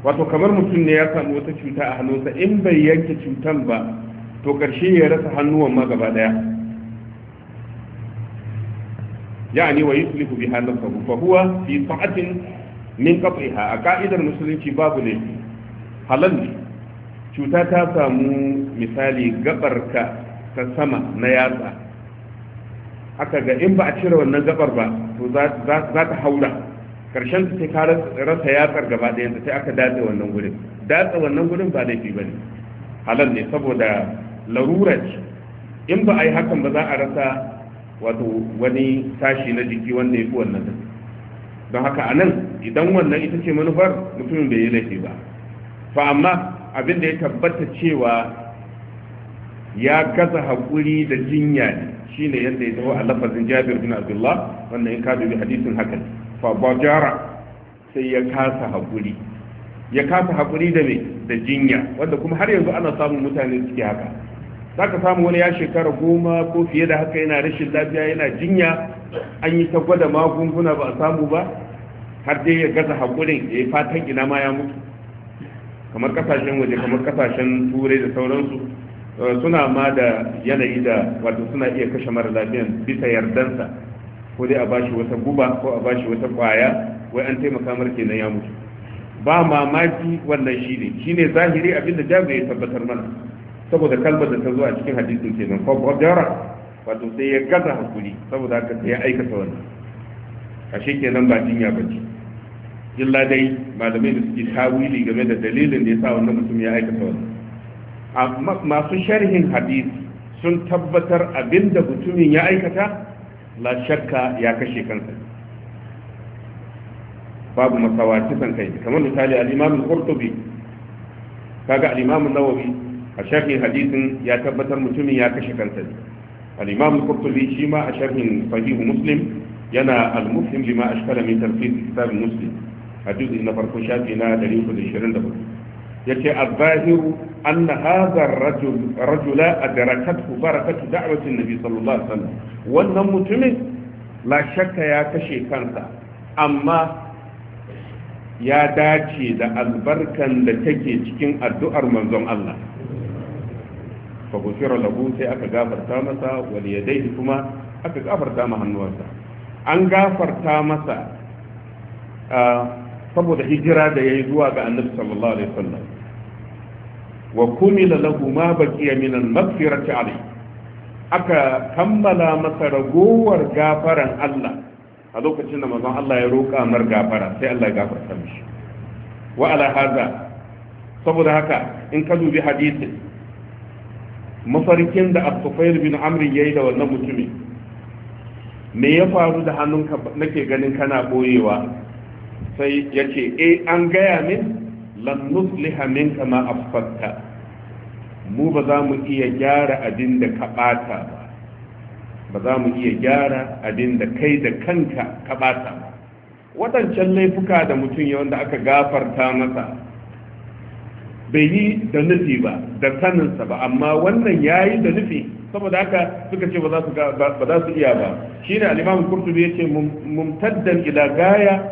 wato kamar mutum ne ya samu wata cuta a hannunsa in bai yanke cutan ba to karshe ya rasa hannuwan ma gaba daya yani wa yuslihu bi nafsahu fa huwa fi sa'atin min qat'iha a ka'idar musulunci babu ne halal ne cuta ta samu misali gabarka ta sama na yatsa aka ga in ba a cire wannan gabar ba to za ta haura karshen ta sai ka rasa yatsar gaba ɗayan sai aka datse wannan gurin datse wannan gurin ba laifi ba ne halal ne saboda larurar in ba a yi hakan ba za a rasa wato wani tashi na jiki wanda ya fi wannan don haka a nan idan wannan ita ce manufar mutumin bai yi laifi ba fa amma abin da ya tabbata cewa ya gaza haƙuri da jinya ne shine yadda ya zo a lafazin Jabir bin Abdullah wannan in ka dubi hadisin haka fa bajara sai ya kasa hakuri ya kasa hakuri da me da jinya wanda kuma har yanzu ana samun mutane suke haka zaka samu wani ya shekara goma ko fiye da haka yana rashin lafiya yana jinya an yi ta gwada magunguna ba a samu ba har dai ya gaza hakurin ya yi fatan ina ma ya mutu kamar kasashen waje kamar kasashen turai da sauransu Eh, suna ma da yanayi da wato suna iya kashe mara lafiyan bisa yardansa ko dai a bashi wata guba ko a bashi wata kwaya wai an taimaka mar kenan ya mutu ba mamaki wannan shi ne shi ne zahiri abinda jami'a ya tabbatar mana saboda kalmar da ta zo a cikin hadisin kenan ko jara wato sai ya gaza hakuri saboda haka sai ya aikata wannan ashe kenan ba jinya bace illa dai malamai da suke tawili game da dalilin da ya sa wannan mutum ya aikata wannan masu sharhin hadis sun tabbatar abinda mutumin ya aikata la shakka ya kashe kansa babu masawaci san kai kamar misali al-imam qurtubi kaga al-imam nawawi a sharhin hadisin ya tabbatar mutumin ya kashe kansa al-imam qurtubi shi ma a sharhin sahih muslim yana al-muslim lima ashkala min tartib kitab muslim a juz'i na farko shafi na 124 yace az-zahiru anna hadha ar-rajul rajula adrakathu barakatu da'wati an-nabi sallallahu alaihi wasallam wannan mutumin la shakka ya kashe kansa amma ya dace da albarkan da take cikin addu'ar manzon Allah fa gufira lahu sai aka gafarta masa wal yadayhi kuma aka gafarta ma hannuwansa an gafarta masa ah, saboda hijira da yayi zuwa ga Annabi sallallahu alaihi wasallam wa kumila lahu ma baqiya min al-maghfirati alayhi aka kammala masa ragowar gafaran Allah a lokacin da manzon Allah ya roƙa mar gafara sai Allah ya gafarta mishi wa ala hada saboda haka in ka dubi hadisin mafarkin da Abdufair bin Amr yayi da wannan mutumin, me ya faru da hannunka nake ganin kana boyewa sai yace eh an gaya min lan nusliha minka ma affatta mu ba za mu iya gyara abin da ka ɓata ba ba za mu iya gyara abin da kai da kanka ka ɓata ba waɗancan laifuka da mutum ya wanda aka gafarta masa bai yi da nufi ba da saninsa ba amma wannan ya yi da nufi saboda haka suka ce ba za su iya ba shi ne alimamin kurtubi ya ce mumtaddan ila gaya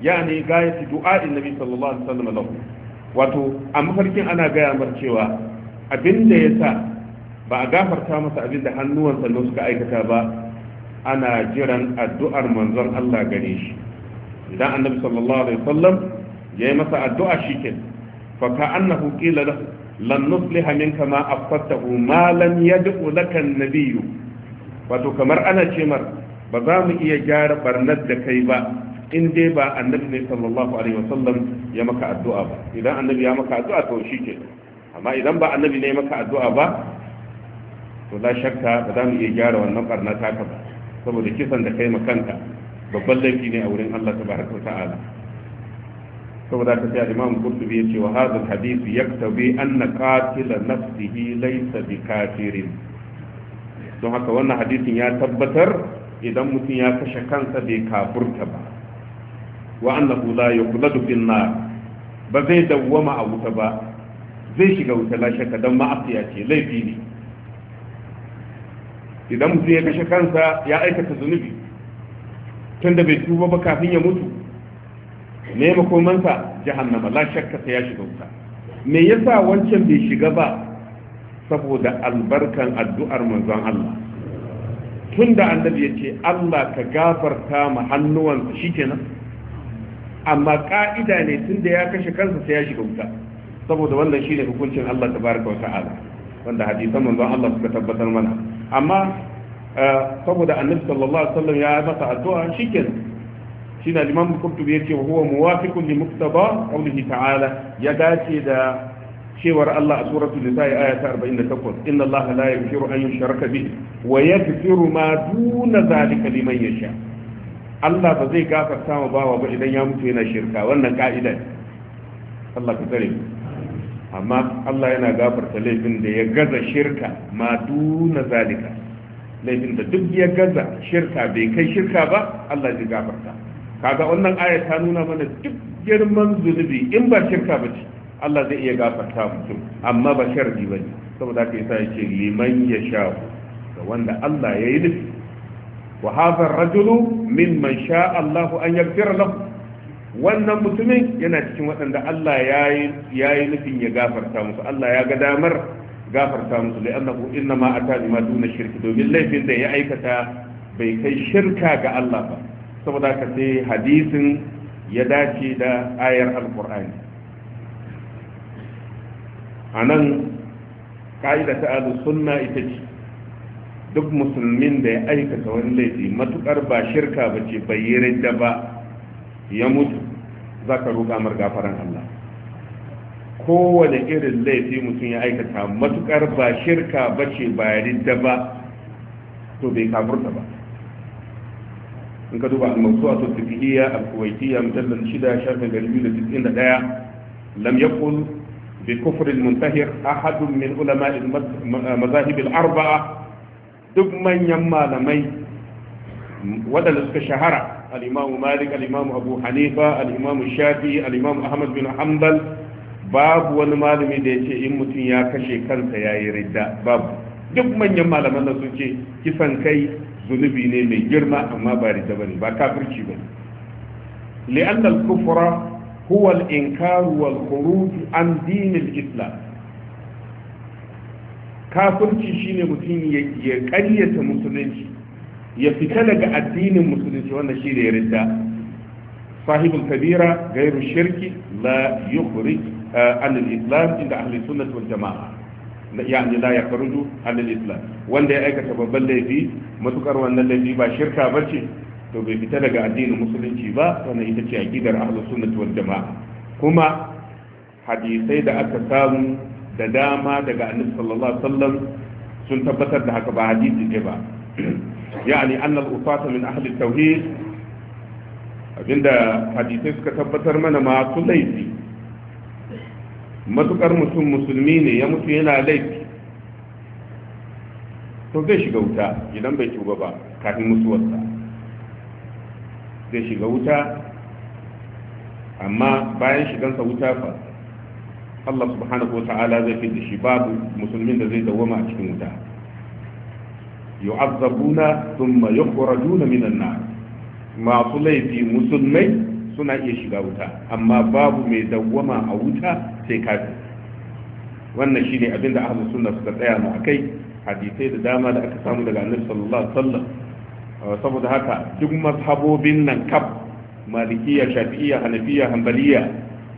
ya ne gaya su du'a nabi sallallahu alaihi wasallam wato a mafarkin ana gaya mar cewa abinda ya sa ba a gafarta masa abinda hannuwansa ne suka aikata ba ana jiran addu'ar manzon Allah gare shi idan annabi sallallahu alaihi wasallam ya yi masa addu'a shikin fa ka annahu qila lahu lan nusliha minka ma afatahu ma lam yad'u laka an-nabiyyu wato kamar ana cemar ba za mu iya gyara barnar da kai ba in dai ba annabi ne sallallahu alaihi wasallam ya maka addu'a ba idan annabi ya maka addu'a to shikenan amma idan ba annabi ne maka addu'a ba to la shakka ba za mu iya gyara wannan barna taka ba saboda kisan da kai makanta babban laifi ne a wurin Allah tabaraka ta'ala saboda ka sai Imam Qurtubi yace wa hadha al-hadith yaktabi anna qatila nafsihi laysa bikafirin don haka wannan hadisin ya tabbatar idan mutum ya kashe kansa bai kafurta ba wa annahu la yukhladu bin nar ba zai dawwama a wuta ba zai shiga wuta la don ma'afiya ce laifi ne idan mutum ya kashe kansa ya aikata zunubi tunda bai tuba ba kafin ya mutu ne makomansa jahannama la shakka ta ya shiga wuta me yasa wancan bai shiga ba saboda albarkan addu'ar manzon Allah tunda annabi ya ce Allah ka gafarta ma hannuwansa shikenan amma ka'ida ne tunda ya kashe kansa sai ya shiga wuta saboda wannan shine hukuncin Allah tabaraka wa ta'ala wanda hadisan manzon Allah suka tabbatar mana amma eh, saboda annabi sallallahu alaihi wasallam ya masa addu'a shikenan shine al-imam qurtubi yace wa huwa muwafiqun li muqtaba qawlihi ta'ala ya dace da cewar Allah a suratul nisa aya ta 48 inna Allah la yaghfiru an yushraka bihi wa yaghfiru ma duna zalika liman yasha Allah ba zai gafarta ma bawa ba idan ya mutu yana shirka wannan ka'ida Allah ka tsare mu amma Allah yana gafarta laifin da ya gaza shirka ma duna zalika laifin da duk ya gaza shirka bai kai shirka ba Allah zai gafarta kaga wannan aya ta nuna mana duk girman zunubi in ba shirka ba ce Allah zai iya gafarta mutum amma ba sharadi ba ne saboda ka yasa yake liman ya sha ga wanda Allah ya yi wa hadha rajulu mimman sha Allahu an yaghfira lahu wannan mutumin yana cikin waɗanda Allah ya yi nufin ya gafarta musu Allah ya ga damar gafarta musu da annahu inna ma ata bima duna shirki domin laifin da ya aikata bai kai shirka ga Allah ba saboda ka sai hadisin ya dace da ayar alqur'ani anan ka'ida ta ahlus sunna ita ce duk musulmin da ya aikata wani laifi matukar ba shirka ba ce bai yi ba ya mutu za ka roƙa mar gafaran Allah kowane irin laifi mutum ya aikata matukar ba shirka ba ce ba ridda ba to bai kafurta ba in ka duba almasu a sosifiyya a kuwaitiya mujallar shida shafin gari biyu da tisin da ɗaya lam yakul bi kufrin muntahir ahadun min ulama mazahibil arba'a duk manyan malamai waɗanda suka shahara al malik al abu hanifa al-imam shafi al-imam ahmad bin hanbal babu wani malami da ya ce in mutum ya kashe kansa yayi ridda babu duk manyan malaman da sun ce kisan kai zunubi ne mai girma amma ba ridda bane ba kafirci bane li'anna al-kufra huwa al-inkar wal khuruj an din al-islam kafirci shine mutum ya ƙaryata musulunci ya fita daga addinin musulunci wanda shi da ya ridda sahibul kabira gairu shirki la yukhrij eh, an al-islam inda ahli sunnah wal jamaa yani la yakhruju an al-islam wanda ya aikata babban laifi matukar wannan laifi ba shirka bace to bai fita daga addinin musulunci ba wannan ita ce aqidar ahlus sunnati wal jamaa kuma hadisai da aka samu da dama daga annabi sallallahu alaihi wasallam sun tabbatar da haka ba hadisi ne ba yani annal usata min ahli tauhid abinda hadisai suka tabbatar mana masu laifi matukar mutum musulmi ne ya mutu yana laifi to zai shiga wuta idan bai tuba ba kafin mutuwarsa zai shiga wuta amma bayan shigansa wuta fa Allah subhanahu wa zai fi da shi babu musulmin da zai dawwama a cikin wuta yu'azzabuna thumma yukhrajuna minan nar masu laifi musulmai suna iya shiga wuta amma babu mai dawwama a wuta sai kafin wannan shine abinda ahlus sunna suka tsaya mu akai hadisai da dama da aka samu daga annabi sallallahu alaihi wasallam uh, saboda haka duk mazhabobin nan kaf malikiya shafi'iyya hanafiya hanbaliya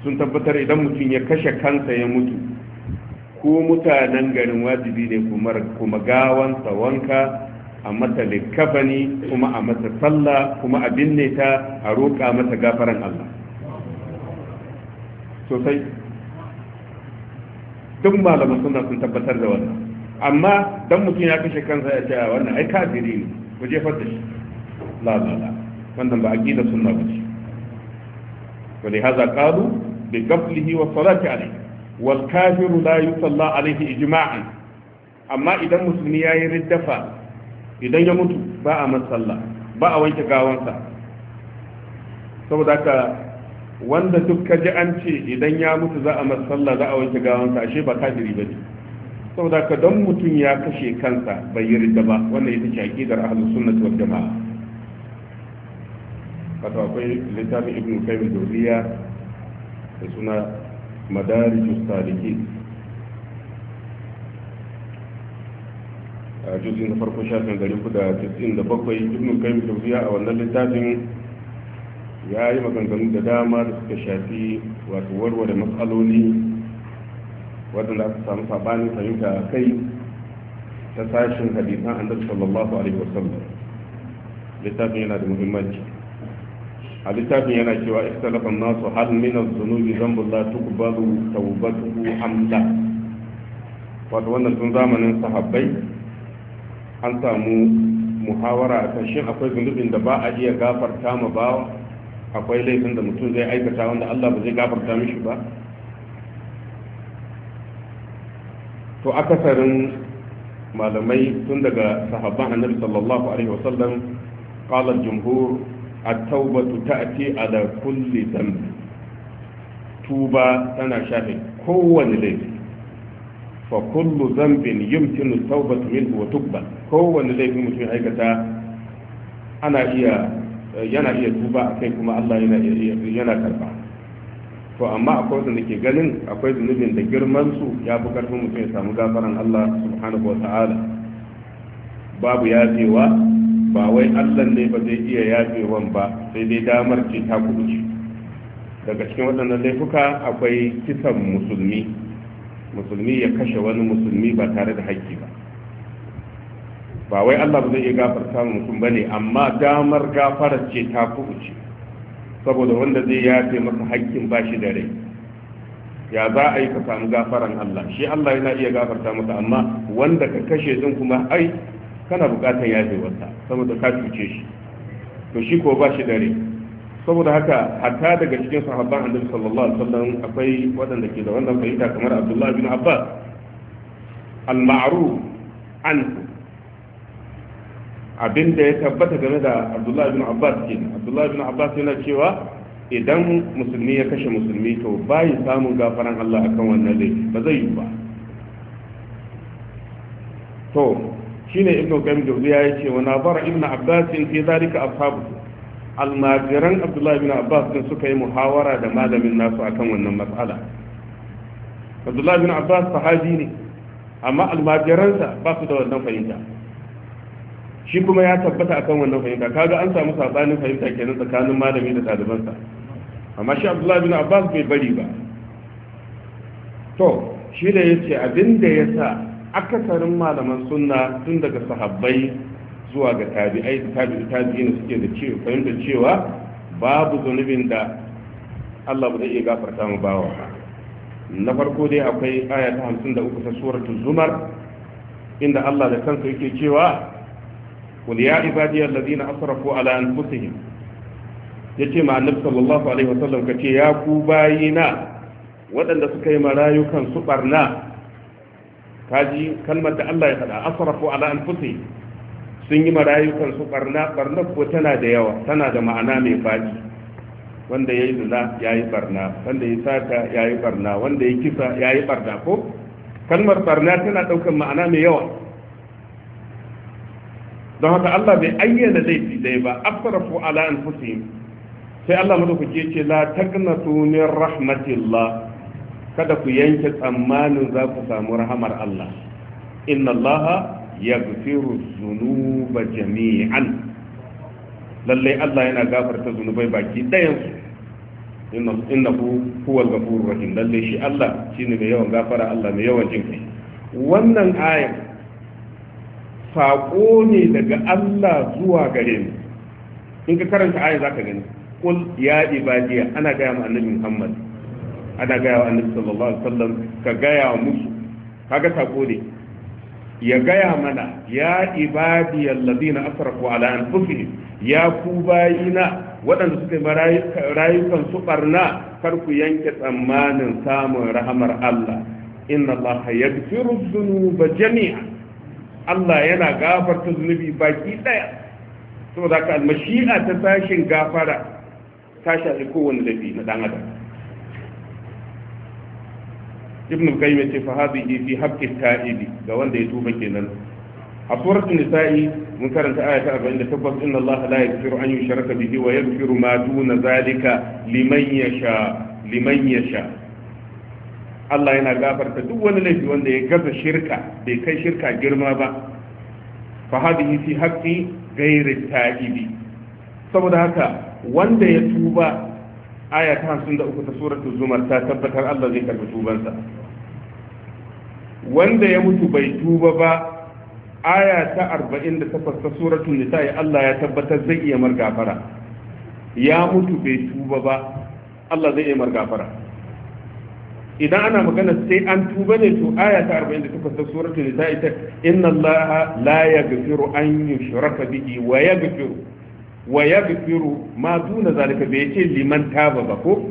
sun tabbatar idan mutum ya kashe kansa ya mutu Ko mutanen garin wajibi ne kuma gawansa wanka a mata likafani kuma a mata sallah kuma a binne ta a roƙa mata gafaran Allah sosai duk malaman suna sun tabbatar da wannan amma dan mutum ya kashe kansa ya ce wannan ai kafiri ne ku jefar da shi la la la wannan ba aqida sunna ba ce wa li hadha qalu bi qatlihi wa salati alayhi wal kafiru la yusalla alaihi ijma'an amma idan musulmi ya yi riddafa idan ya mutu ba a masalla ba a wanke gawansa saboda ka wanda duk ka ji an ce idan ya mutu za a masalla za a wanke gawansa ashe ba kafiri ba ne saboda ka don mutum ya kashe kansa bai yi ridda ba wannan ita ce aqidar ahlus sunnah wal jama'a wato akwai littafin ibnu qayyim duriya da suna madarijus salikin a juzin da farko shafin gari kuda 97 ibn kayyim tawziya a wannan littafin ya yi maganganu da dama da suka shafi wato warware matsaloli waɗanda aka samu sabanin fahimta a kai ta sashin hadisan annabi sallallahu alaihi wasallam littafin yana da muhimmanci a littafin yana cewa ikhtalafan nasu hal min az-zunubi dhanbun la tuqbalu tawbatuhu am la wato wannan tun zamanin sahabbai an samu muhawara a kan shin akwai zunubin da ba a iya gafarta ma bawa akwai laifin da mutum zai aikata wanda Allah ba zai gafarta mishi ba to akasarin malamai tun daga sahabban annabi sallallahu alaihi wasallam qala al-jumhur التوبة تأتي على كل ذنب توبة أنا شاهد shafe kowane فكل ذنب يمكن التوبة منه وتقبل taubatu minhu wa tuqbal kowane laifi mutum aikata iya yana iya tuba akai kuma Allah yana yana karba to amma akwai wanda ke ganin akwai zunubin da girman su ya fi karfin mutum ya samu gafaran Allah subhanahu wa ta'ala babu yafewa ba wai allah ne ba zai iya wan ba sai dai damar ce ta kuɗi daga cikin waɗannan laifuka akwai kisan musulmi musulmi ya kashe wani musulmi ba tare da haƙƙi ba ba wai allah ba zai iya gafarta mutum ba ne amma damar gafara ce ta kuɗi saboda wanda zai yafe masa haƙƙin ba shi da rai ya za a yi ka samu gafaran allah shi allah yana iya gafarta masa amma wanda ka kashe din kuma ai kana bukatar wata saboda ka cuce shi to shi ko ba shi dare saboda haka hatta daga cikin sahabban annabi sallallahu alaihi wasallam akwai waɗanda ke da wannan fahimta kamar abdullah bin abbas al-ma'ruf an abin da ya tabbata game da abdullah bin abbas ke abdullah bin abbas yana cewa idan musulmi ya kashe musulmi to bai samun gafaran Allah akan wannan laifi ba zai yi ba to shine ibnu qayyim ya yace wa nabara ibnu abbas fi dalika ashabu almajiran abdullahi bin abbas din suka yi muhawara da malamin nasu akan wannan mas'ala abdullahi bin abbas sahabi ne amma sa ba su da wannan fahimta shi kuma ya tabbata akan wannan fahimta kaga an samu sabanin fahimta kenan tsakanin malami da ɗalibansa amma shi abdullahi bin abbas bai bari ba to shi da ya ce abin da ya sa akasarin malaman sunna tun daga sahabbai zuwa ga tabi'ai da tabi'i tabi'ina suke da cewa fahimta cewa babu zunubin da Allah ba zai iya gafarta mu bawa ba na farko dai akwai aya ta 53 ta suratul zumar inda Allah da kansa yake cewa qul ya ibadiyal ladina asrafu ala anfusihim yace ma annabi sallallahu alaihi wasallam kace ya ku bayina waɗanda suka yi marayukan su barna kaji kalmar da Allah ya faɗa asrafu ala anfusi sun yi marayukan su barna barna ko tana da yawa tana da ma'ana mai faɗi wanda yayi zina yayi barna wanda ya sata yayi barna wanda ya kisa yayi barna ko kalmar barna tana ɗaukar ma'ana mai yawa don haka Allah bai ayyana laifi dai ba asrafu ala anfusi sai Allah madaukake ce la taqnatu min rahmatillah kada ku yanke tsammanin za ku samu rahamar Allah inna Allah yaghfiru dhunuba jami'an lalle Allah yana gafarta zunubai baki ɗayan su innahu huwal ghafurur rahim lalle shi Allah shine mai yawan gafara Allah mai yawan jinkai wannan ayat saƙo ne daga Allah zuwa gare mu in ka karanta za ka gani qul ya ibadiya ana gaya ma annabi Muhammad ana gaya wa annabi sallallahu alaihi wasallam ka gaya musu kaga sako ne ya gaya mana ya ibadi allazina asrafu ala anfusihim ya ku bayina waɗanda suka rayukan su barna kar ku yanke tsammanin samun rahamar Allah inna Allah yaghfiru dhunuba jami'a Allah yana gafarta zunubi baki ɗaya saboda haka almashi'a ta sashin gafara ta shafi kowane dafi na ɗan adam ibn al-qayyim ce fa hadhihi fi haqqi ta'ibi ga wanda ya tuba kenan a surat nisa'i mun karanta aya ta 48 inna allaha la yaghfiru an yushraka bihi wa yaghfiru ma duna zalika liman yasha liman yasha Allah yana gafarta duk wani laifi wanda ya gaza shirka bai kai shirka girma ba fa hadhihi fi haqqi ghairi ta'ibi saboda haka wanda ya tuba aya ta hamsin da uku ta suratul zumar ta tabbatar Allah zai karɓi tubansa wanda ya mutu bai tuba ba aya ta arba'in da takwas ta suratul nisa'i Allah ya tabbatar zai iya margafara ya mutu bai tuba ba Allah zai iya margafara idan ana magana sai an tuba ne to aya ta arba'in da takwas ta suratul nisa'i ta inna Allah la yaghfiru an yushraka bihi wa yaghfiru wa yaghfiru ma duna zalika bai ce liman taba ba ko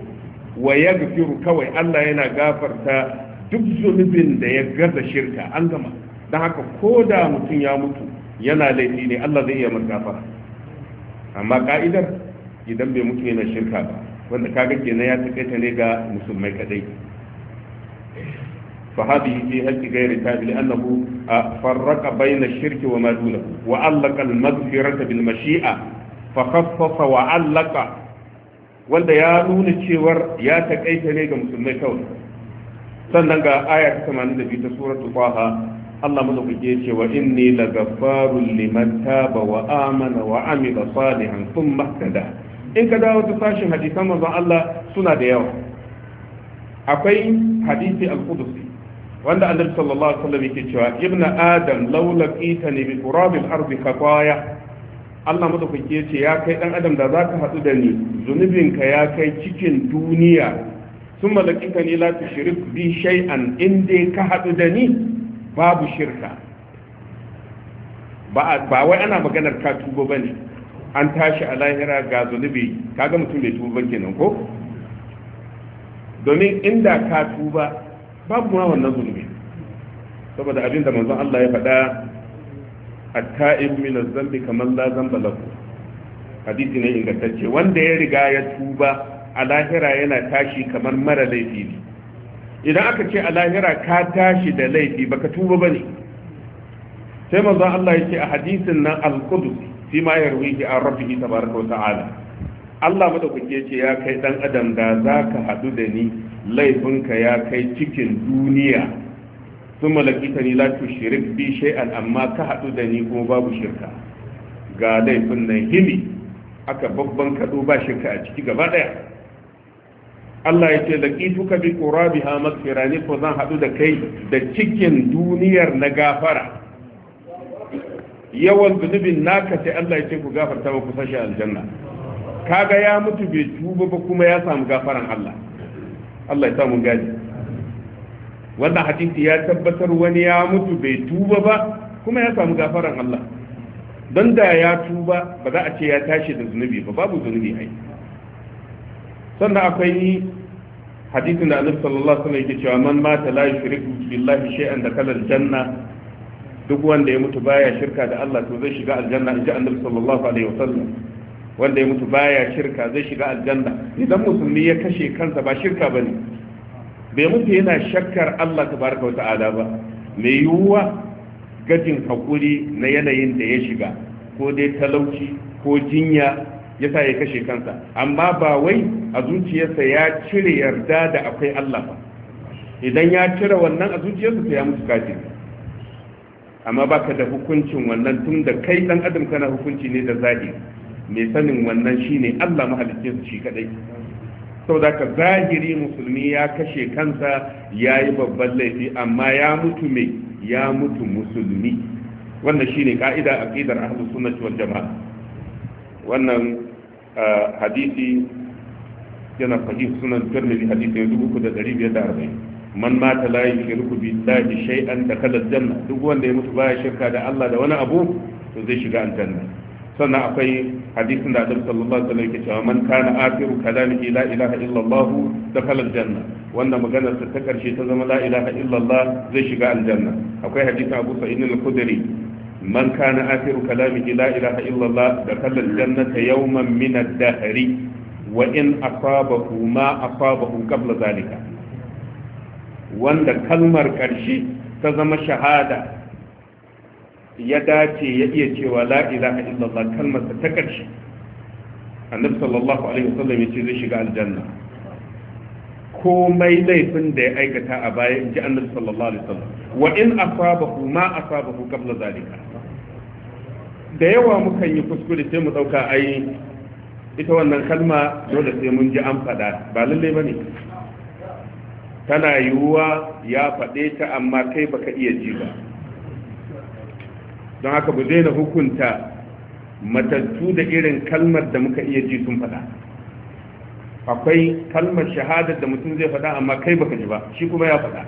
wa yaghfiru kawai Allah yana gafarta duk zunubin da ya gaza shirka an gama dan haka ko da mutum ya mutu yana laifi ne Allah zai iya masa gafara amma ka'idar idan bai mutu yana shirka ba wanda kaga kenan ya takaita ne ga musulmai kadai فهذه في حق غير shirki wa ma dunahu wa allaqa al-maghfirata bil بالمشيئة fakhassasa wa allaka wanda ya nuna cewar ya takaita ne ga musulmai kawai sannan ga aya ta 82 ta suratul qaha Allah madaukake ya ce wa inni lagaffarun liman taba wa amana wa amila salihan thumma ihtada in ka dawo ta sashin hadisan manzon Allah suna da yawa akwai hadisi al-qudusi wanda annabi sallallahu alaihi wasallam yake cewa ibnu adam law laqitani bi turabil ardi khataya Allah madaukaki ya ce ya kai dan adam da zaka haɗu da ni ka ya kai cikin duniya sun malakika ne la shirik bi shay'an in dai ka hadu da ni babu shirka ba wai ana maganar ka tuba bane an tashi a lahira ga zunubi kaga mutum bai tuba kenan ko domin inda ka tuba babu ma wannan zunubi saboda abinda manzon Allah ya faɗa at-ta'ib min az-zambi kaman la zamba hadisi ne ingantacce wanda ya riga ya tuba a lahira yana tashi kamar mara laifi ne idan aka ce a lahira ka tashi da laifi baka tuba bane sai manzon Allah yake a hadisin nan al-qudus fi ma yarwihi an rabbihi tabaraka wa ta'ala Allah madaukake ce ya kai dan adam da zaka hadu da ni laifinka ya kai cikin duniya sun malakita ni la shirik bi shay'an amma ka haɗu da ni kuma babu shirka ga laifin nan hili aka babban kaɗo ba shirka a ciki gaba ɗaya Allah ya ce laqituka bi qurabiha maghfira ni ko zan haɗu da kai da cikin duniyar na gafara yawan zunubin naka sai Allah ya ce ku gafarta ku sashi aljanna kaga ya mutu bai tuba ba kuma ya samu gafaran Allah Allah ya samu gadi wannan hadisi ya tabbatar wani ya mutu bai tuba ba kuma ya samu gafaran Allah don da ya tuba ba za a ce ya tashi da zunubi ba babu zunubi ai sannan akwai hadisin da annabi sallallahu alaihi wasallam yake cewa man mata la yushriku billahi shay'an da kalal janna duk wanda ya mutu baya shirka da Allah to zai shiga aljanna inji annabi sallallahu alaihi wasallam wanda ya mutu baya shirka zai shiga aljanna idan musulmi ya kashe kansa ba shirka bane bai mutu yana shakkar Allah baraka wata ala ba mai yiwuwa gajin hakuri na yanayin da ya shiga ko dai talauci ko jinya ya sa ya kashe kansa amma ba wai a zuciyarsa ya cire yarda da akwai Allah ba idan ya cire wannan a zuciyarsa sai ya mutu kafin amma ba ka da hukuncin wannan tun da kai dan adam kana hukunci ne da zahiri mai sanin wannan shine Allah su shi kaɗai. saboda ka zahiri musulmi ya kashe kansa ya yi babban laifi amma ya mutu mai ya mutu musulmi wannan ne ka'ida a ƙidar ahlus sunnah wal jama'a wannan hadisi yana sahih sunan tirmidhi hadisi arba'in. man mata la yushriku billahi shay'an da al-janna duk wanda ya mutu baya shirka da Allah da wani abu to zai shiga aljanna sannan akwai hadisin da Annabi sallallahu alaihi wasallam yake cewa man kana akhiru kalamihi la ilaha illa Allah dakhala aljanna wanda maganar ta karshe ta zama la ilaha illa Allah zai shiga aljanna akwai hadisin Abu Sa'id al-Khudri man kana akhiru kalamihi la ilaha illa Allah janna ta yawman min ad-dahr wa in asabahu ma asabahu qabla zalika wanda kalmar karshe ta zama shahada ya dace ya iya cewa la ilaha illallah kalmarsa ta ƙarshe annabi sallallahu alaihi wasallam ya ce zai shiga aljanna komai laifin da ya aikata a baya in ji annabi sallallahu alaihi wasallam wa in asabahu ma asabahu qabla zalika da yawa mukan yi kuskure sai mu dauka ai ita wannan kalma dole sai mun ji an faɗa ba lalle bane tana yiwuwa ya faɗe ta amma kai baka iya ji ba don haka bu daina hukunta matattu da irin kalmar da muka iya ji sun faɗa akwai kalmar shahadar da mutum zai fada amma kai baka ji ba shi kuma ya faɗa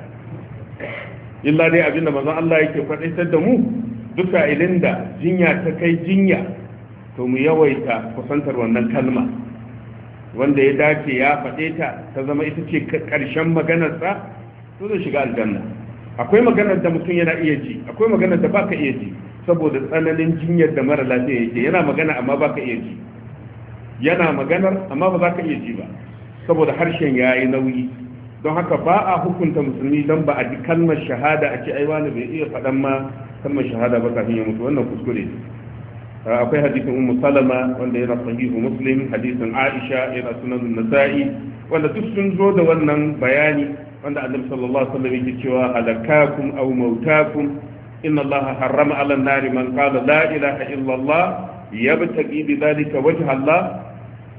illa dai abinda mazan Allah yake faɗaitar da mu duka sa'ilin da jinya ta kai jinya to mu yawaita kusantar wannan kalma wanda ya dace ya faɗe ta ta zama ita ce ƙarshen maganarsa to zai shiga aljanna akwai maganar da mutum yana iya ji akwai maganar da baka iya ji saboda tsananin jinyar da mara lafiya yake yana magana amma ba ka iya ji yana maganar amma ba za ka iya ji ba saboda harshen ya yi nauyi don haka ba a hukunta musulmi don ba a ji kalmar shahada a ce ai wani bai iya faɗan ma kalmar shahada ba kafin ya mutu wannan kuskure ah, akwai hadisin ummu salama wanda yana sahihu muslim hadisin aisha yana sunan nasa'i wanda duk sun zo da wannan bayani wanda annabi sallallahu alaihi wasallam yake cewa halakakum aw mautakum inna allaha harrama ala nari man qala la ilaha illa allah allah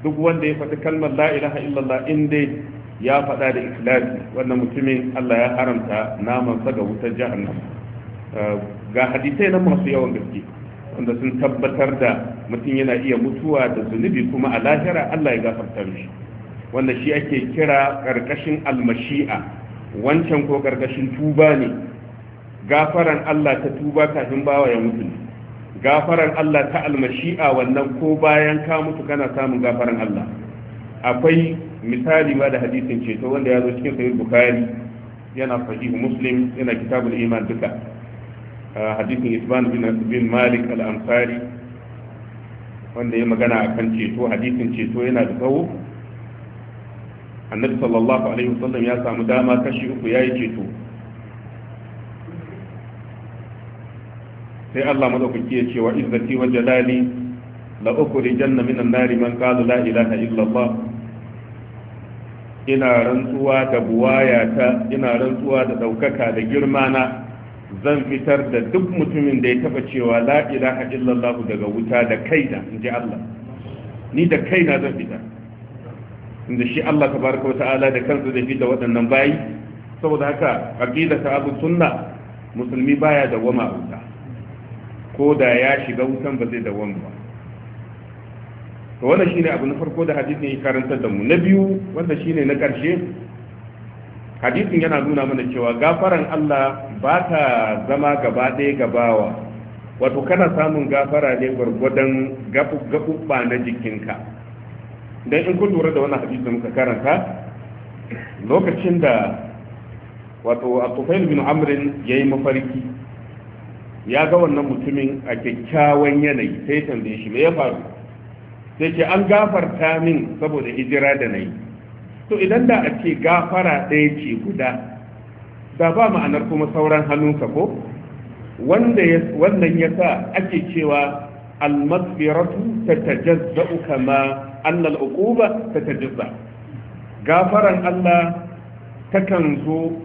duk wanda ya faɗi kalmar la ilaha illa in dai ya faɗa da ikhlasi wannan mutumin Allah ya haramta naman sa ga wutar jahannam ga hadisai na masu yawan gaske wanda sun tabbatar da mutum yana iya mutuwa da zunubi kuma a lahira Allah ya gafarta mishi wanda shi ake kira karkashin almashi'a wancan ko karkashin tuba ne gafaran Allah ta tuba kafin bawa ya mutu gafaran Allah ta almashi'a wannan ko bayan ka mutu kana samun gafaran Allah akwai misali ba da hadisin ceto wanda ya zo cikin sahih bukhari yana sahih muslim yana kitabul iman duka hadisin isban bin malik al-ansari wanda ya magana akan ceto hadisin ceto yana da tsawo annabi sallallahu alaihi wasallam ya samu dama kashi uku yayi ceto sai Allah madaukaki ya ce wa izzati wa jalali la ukhrijanna minan nari man qala la ilaha illa Allah ina rantsuwa da buwaya ta ina rantsuwa da daukaka da girma na zan fitar da duk mutumin da ya taba cewa la ilaha illallah daga wuta da kaina inji Allah ni da kaina zan fita. inda shi Allah tabaraka wata'ala da kansa zai fita waɗannan bayi saboda haka aqida ta abu sunna musulmi baya da wama ko da ya shiga wutan ba zai dawama ba to wannan shine abu na farko da hadisin ya karanta da mu na biyu wanda shine na karshe hadisin yana nuna mana cewa gafaran Allah ba ta zama gaba ɗaya gabawa wato kana samun gafara ne gwargwadon gaɓuɓɓa na jikinka don in kun lura da wannan da muka karanta lokacin da wato a bin amrin ya yi mafarki ya ga wannan mutumin a kyakkyawan yanayi sai tambaye shi me ya faru sai ce an gafarta min saboda hijira da na yi to idan da a ce gafara ɗaya ce guda da ba ma'anar kuma sauran hannunsa ko wannan ya sa ake cewa almasfiratu ta tajazza'u kama annal uquba ta tajazza gafaran Allah takan zo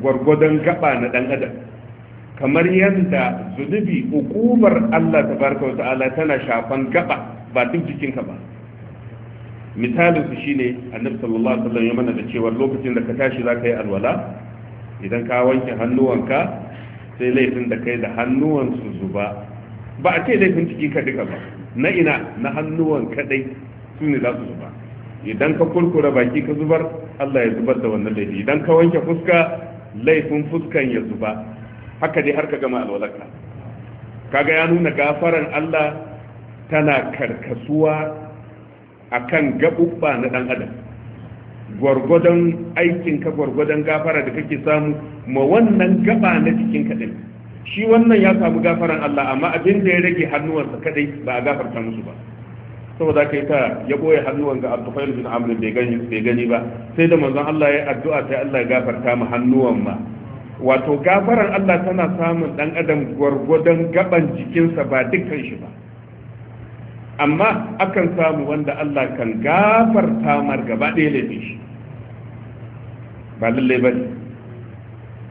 gwargwadon gaba na ɗan adam kamar yadda zunubi hukumar Allah ta barka wa ta'ala tana shafan gaba ba duk jikinka ba misalin su shine annabi sallallahu alaihi wasallam ya mana da cewa lokacin da ka tashi za ka yi alwala idan ka wanke hannuwanka sai laifin da kai da hannuwan su zuba ba a ce laifin jikinka ka duka ba na ina na hannuwan kadai su ne za su zuba idan ka kurkura baki ka zubar Allah ya zubar da wannan laifi idan ka wanke fuska laifin fuskan ya zuba haka dai har ka gama alwalarka kaga ya nuna gafaran Allah tana karkasuwa akan gaɓuɓɓa na ɗan adam gwargwadon aikinka gwargwadon gafara da kake samu ma wannan gaba na jikin kaɗai shi wannan ya samu gafaran Allah amma abin da ya rage hannuwansa kaɗai ba a gafarta musu ba saboda kai ta ya boye hannuwan ga Abdul bin Amr bai gani bai gani ba sai da manzon Allah ya addu'a sai Allah ya gafarta mu hannuwan ma wato gafaran Allah tana samun ɗan adam gwargwadon gaban jikinsa ba dukkan shi ba amma akan samu wanda Allah kan gafarta mar gaba ɗaya da shi ba lallai ba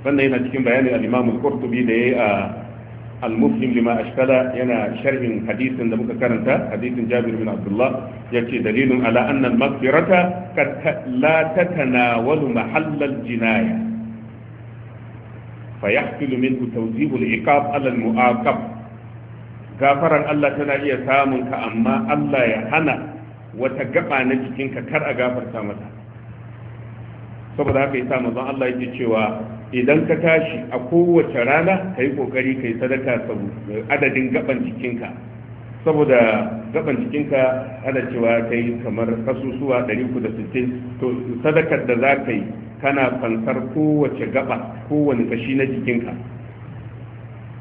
wannan yana cikin bayanin al-Imam al-Qurtubi da yayi a al-Muslim lima ashkala yana sharhin hadisin da muka karanta hadisin Jabir bin Abdullah yace dalilun ala anna al-maghfirata la tatanawalu mahallal jinaya fa yahsulu minhu tawjihul iqab ala al mu'aqab Allah tana iya samun ka amma Allah ya hana wata gaba na jikinka kar a gafarta mata saboda haka yasa manzon Allah yake cewa idan ka tashi a kowace rana kai kokari kai sadaka saboda adadin gaban jikinka saboda gaban jikinka ana cewa kai kamar kasusuwa 360 to sadakar da za ka yi kana fansar kowace gaba kowane kashi na jikinka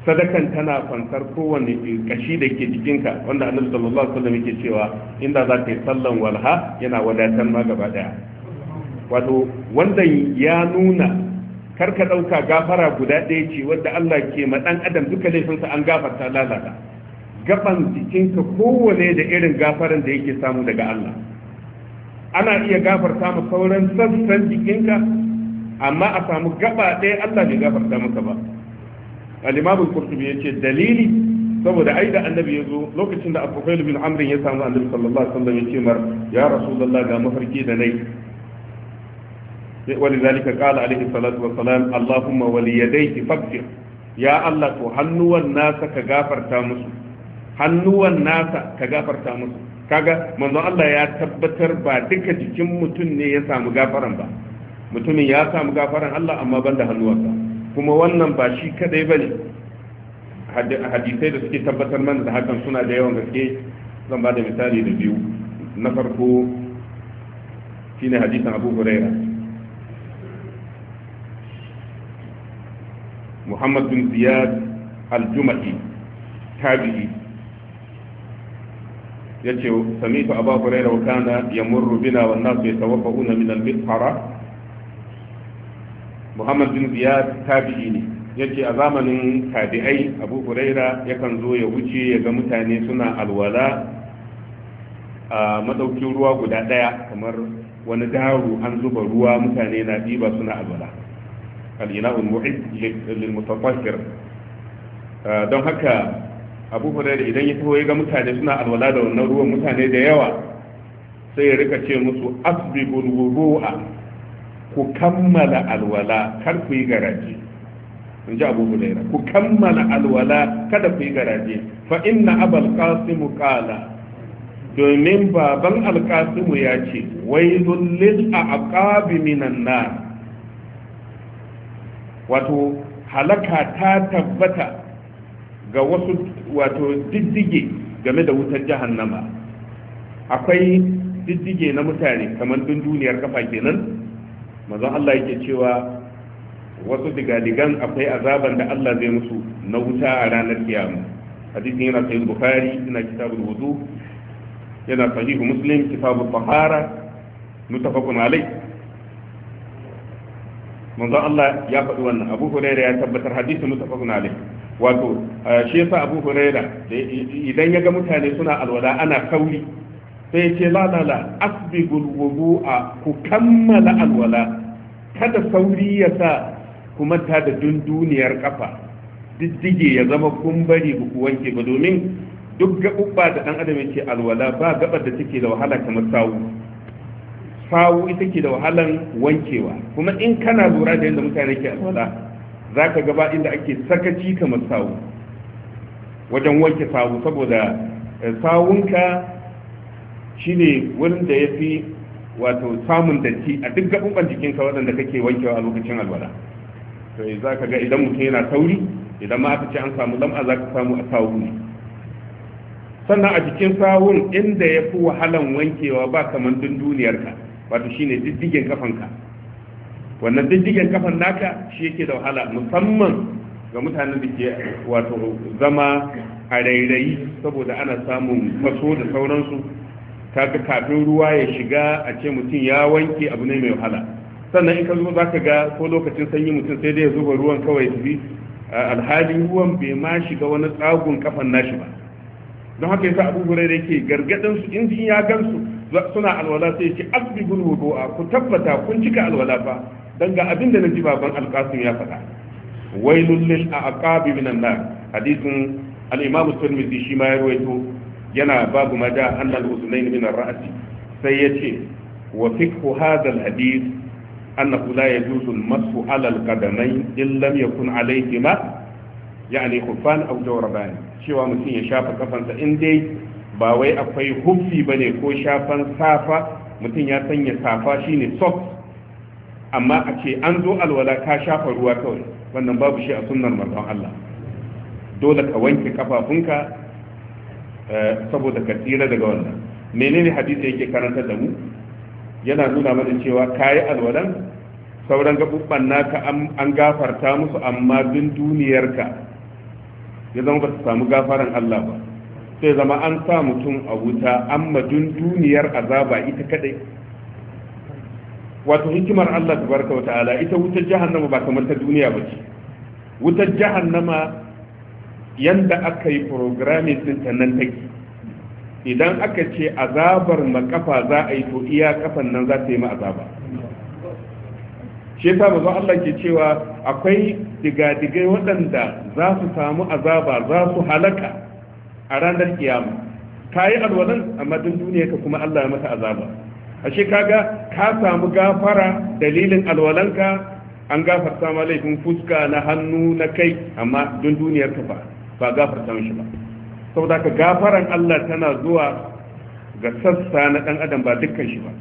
sadakan tana fansar kowane kashi da ke jikinka wanda annabi sallallahu alaihi wasallam yake cewa inda za ka yi sallan walha yana wadatar ma gaba daya wato wannan ya nuna kar ka dauka gafara guda ɗaya ce wadda Allah ke ma dan adam duka laifinsa an gafarta lalata gaban jikinka kowane da irin gafaran da yake samu daga Allah ana iya gafarta mu sauran sassan jikinka amma a samu gaba ɗaya Allah bai gafarta maka ba al-imamul qurtubi yace dalili saboda ai da annabi ya zo lokacin da abu failu bin amrin ya samu annabi sallallahu alaihi wasallam ya ce mar ya rasulullah ga mafarki da nai wani zalika kala alaihi salatu wa salam allahumma wali yadayki fakfir ya allah to hannuwan nasa ka gafarta hannuwan nasa ka gafarta musu kaga manzon Allah ya tabbatar ba duka jikin mutum ne ya samu gafaran ba mutumin ya samu gafaran Allah amma ban da hannuwansa kuma wannan ba shi kadai bane hadisai da suke tabbatar mana da hakan suna da yawan gaske zan ba da misali da biyu na farko shine hadisan Abu Hurairah Muhammad bin Ziyad al-Jumahi tabi'i yace samitu abu hurairah wa kana yamurru bina wan nas yatawaffaquna min al-mithara muhammad bin ziyad tabi'i ne yace a zamanin tabi'ai abu yakan zo ya wuce ya ga mutane suna alwala a madaukin ruwa guda daya kamar wani daru an zuba ruwa mutane na diba suna alwala al'ina'ul mu'id lil mutafakir ah, don haka abu da idan ya taho ya ga mutane suna alwala da wannan ruwan mutane da yawa sai ya rika ce musu asbigul wudu'a ku kammala alwala kar ku yi garaje in ji abu hurairu ku kammala alwala kada ku yi garaje fa inna abal qasim qala domin baban alkasimu ya ce wailun lil aqabi minan nar wato halaka ta tabbata ga wasu wato diddige game da wutar jahannama akwai diddige na mutane kamar dunduniyar kafa kenan mazan Allah yake cewa wasu digadigan akwai azaban da Allah zai musu na wuta a ranar kiyama hadisin yana sahih bukhari yana kitabul wudu yana sahih muslim kitabul tahara mutafaqun alai manzon Allah ya faɗi wannan Abu Hurairah ya tabbatar hadisi mutafaqun alai wato shi yasa abu huraira idan ya ga mutane suna alwala ana kauri sai ce la la la asbigul a ku kammala alwala kada sauri ya sa ku manta da dunduniyar kafa diddige ya zama kun bari ku wanke ba domin duk gaɓuɓɓa da ɗan adam yake alwala ba gaɓar da take da wahala kamar sawu sawu ita ke da wahalan wankewa kuma in kana lura da yadda mutane ke alwala za ka gaba inda ake sakaci kamar sawu wajen wanke sawu saboda eh, sawunka ne wurin da ya fi wato samun datti a duk gaɓuɓɓen jikinka waɗanda kake wankewa a lokacin alwala to eh, za ka ga idan mutum yana sauri idan ma aka ce an samu lam'a za ka samu a sawu ne sannan a jikin sawun inda ya fi wahalan wankewa ba kamar dunduniyarka wato shi ne diddigin kafanka wannan diddigen kafan naka shi yake da wahala musamman ga mutanen da ke wato zama a rairayi saboda ana samun faso da sauransu kaga kafin ruwa ya shiga a ce mutum ya wanke abu ne mai wahala sannan in ka zo zaka ga ko lokacin sanyi mutum sai dai ya zuba ruwan kawai bi. alhalin ruwan bai ma shiga wani tsagun kafan nashi ba don haka yasa abu da yake gargadin su in ya gansu suna alwala sai ce asbihul wudu'a ku tabbata kun cika alwala fa dan ga abin da naji baban alqasim ya faɗa wailul lil aqabi minan nar hadisin al-imam at-tirmidhi shi ma ya yana babu ma da annal uzunain min ar-ra's sai yace wa fiqhu hadha al-hadith annahu la yajuzu al-masu ala al-qadamayn illa yakun alayhima yani kufan aw jawraban cewa mutum ya shafa kafansa in dai ba wai akwai hufi bane ko shafan safa mutum ya sanya safa shine socks amma a ce an zo alwala ka shafa ruwa kawai wannan babu shi a sunnar manzon Allah dole ka wanke kafafunka eh, saboda ka tsira daga wannan menene hadisi yake karanta da mu yana nuna mana cewa kayi alwalan sauran gabubban naka an gafarta musu amma bin duniyarka ya zama ba su samu gafaran Allah ba sai zama an sa mutum a wuta amma duniyar azaba ita kadai wato hikimar Allah tabaraka ta'ala ita wutar jahannama ba kamar ta duniya ba ce wutar jahannama yanda aka yi programming din ta nan take idan aka ce azabar makafa za a yi to iya kafan nan za ta yi ma azaba shi yasa bazo Allah ke cewa akwai digadigai waɗanda za su samu azaba za su halaka a ranar kiyama kayi alwalan amma duniya ka kuma Allah ya mata azaba ashe kaga ka samu gafara dalilin alwalanka an gafarta ma laifin fuska na hannu na kai amma don duniyar ka ba ba gafarta mishi ba saboda ka gafaran Allah tana zuwa ga sassa na dan adam ba dukkan shi ba